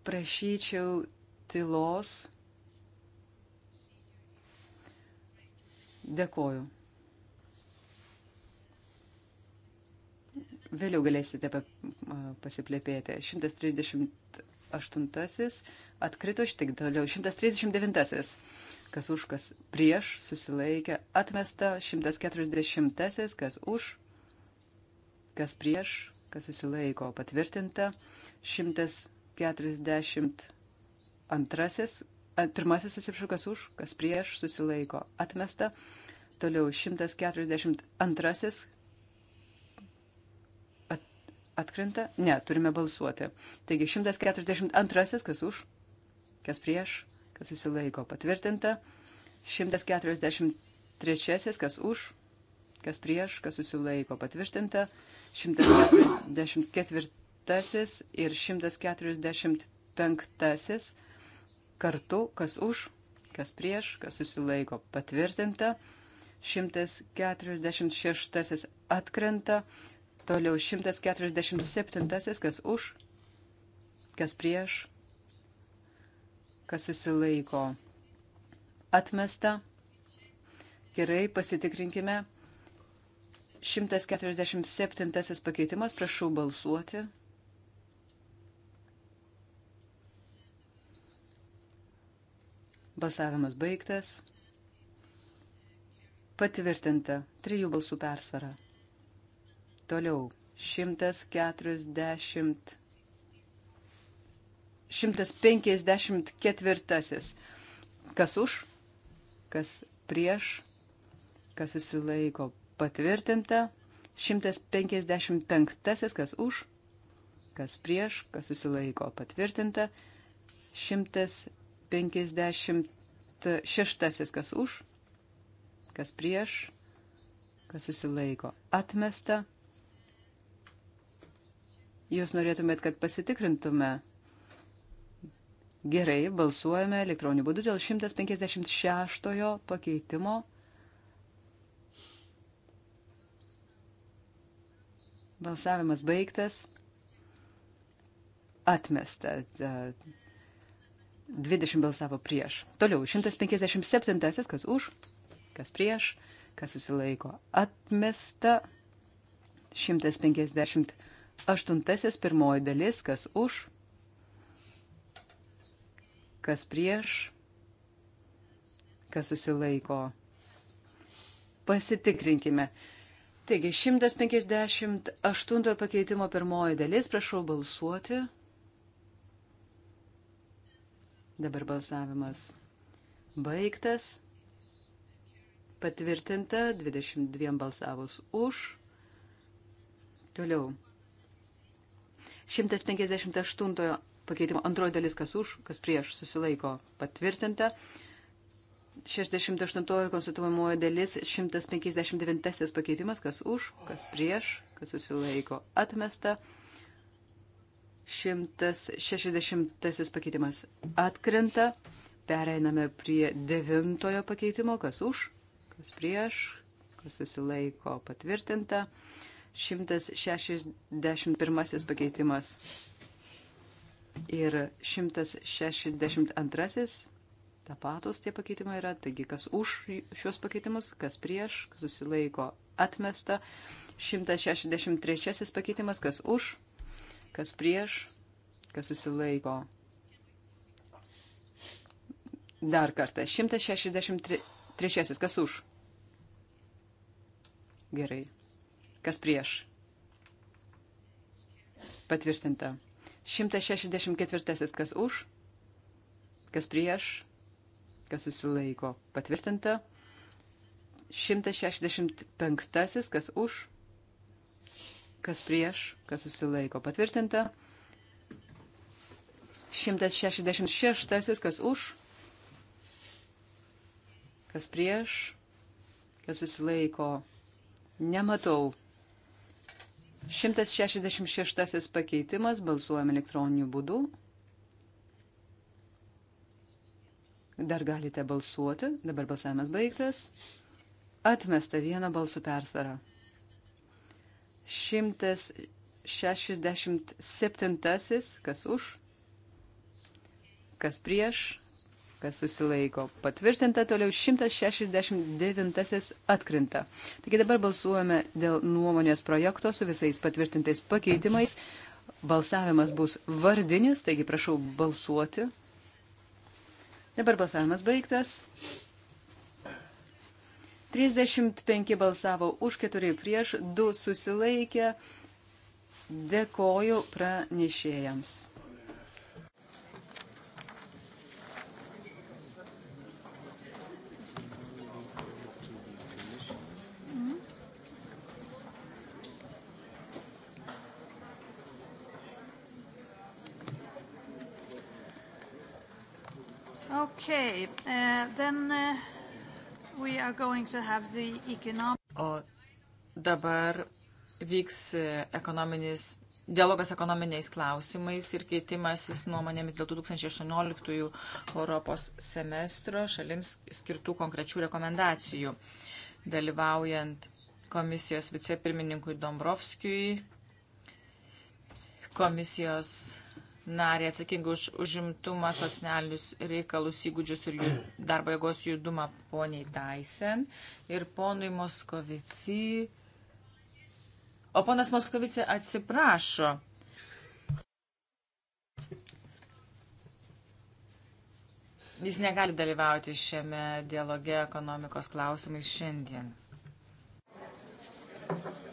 Prašyčiau tylos Dėkoju. Vėliau galėsite pasiplėpėti. 138 atkrito šitik toliau. 139. Kas už, kas prieš, susilaikė. Atmesta 140. Kas už, kas prieš, kas susilaiko. Patvirtinta 142. Pirmasis atsiprašau, kas už, kas prieš, susilaiko atmesta. Toliau 142 at, atkrenta. Ne, turime balsuoti. Taigi 142 kas už, kas prieš, kas susilaiko patvirtinta. 143 kas už, kas prieš, kas susilaiko patvirtinta. 144 ir 145 kartu, kas už, kas prieš, kas susilaiko patvirtinta. 146 atkrenta, toliau 147, kas už, kas prieš, kas susilaiko atmesta. Gerai, pasitikrinkime. 147 pakeitimas, prašau balsuoti. Balsavimas baigtas. Patvirtinta trijų balsų persvara. Toliau 140. 154. Kas už, kas prieš, kas susilaiko patvirtinta. 155. Kas už, kas prieš, kas susilaiko patvirtinta. 156 56, kas už, kas prieš, kas susilaiko. Atmesta. Jūs norėtumėt, kad pasitikrintume. Gerai, balsuojame elektroniniu būdu dėl 156 pakeitimo. Balsavimas baigtas. Atmesta. 20 balsavo prieš. Toliau, 157, kas už, kas prieš, kas susilaiko. Atmesta 158, pirmoji dalis, kas už, kas prieš, kas susilaiko. Pasitikrinkime. Taigi, 158 pakeitimo pirmoji dalis, prašau balsuoti. Dabar balsavimas baigtas. Patvirtinta 22 balsavus už. Toliau. 158 pakeitimo antroji dalis, kas už, kas prieš, susilaiko patvirtinta. 68 konstituojamoji dalis, 159 pakeitimas, kas už, kas prieš, kas susilaiko atmesta. 160 pakeitimas atkrenta. Pereiname prie devintojo pakeitimo, kas už, kas prieš, kas susilaiko patvirtinta. 161 pakeitimas ir 162 tapatos tie pakeitimai yra, taigi kas už šios pakeitimus, kas prieš, kas susilaiko atmesta. 163 pakeitimas, kas už, kas prieš, kas susilaiko. Dar kartą. 163. Kas už? Gerai. Kas prieš? Patvirtinta. 164. Kas už? Kas prieš? Kas susilaiko? Patvirtinta. 165. Kas už? kas prieš, kas susilaiko patvirtinta. 166, kas už, kas prieš, kas susilaiko, nematau. 166 pakeitimas, balsuojam elektroniniu būdu. Dar galite balsuoti, dabar balsavimas baigtas. Atmesta vieno balsų persvara. 167, kas už, kas prieš, kas susilaiko. Patvirtinta toliau 169 atkrinta. Taigi dabar balsuojame dėl nuomonės projekto su visais patvirtintais pakeitimais. Balsavimas bus vardinis, taigi prašau balsuoti. Dabar balsavimas baigtas. 35 balsavo už, 4 prieš, 2 susilaikė. Dėkoju pranešėjams. Okay, uh, then uh, O dabar vyks e, ekonominis dialogas ekonominiais klausimais ir keitimasis nuomonėmis dėl 2018 Europos semestro šalims skirtų konkrečių rekomendacijų. Dalyvaujant komisijos vicepirmininkui Dombrovskijui, komisijos narį atsakingą už užimtumą, socialinius reikalus, įgūdžius ir jų, darbo jėgos judumą poniai Taisen ir ponui Moskovici. O ponas Moskovici atsiprašo. Jis negali dalyvauti šiame dialoge ekonomikos klausimais šiandien. Thank you.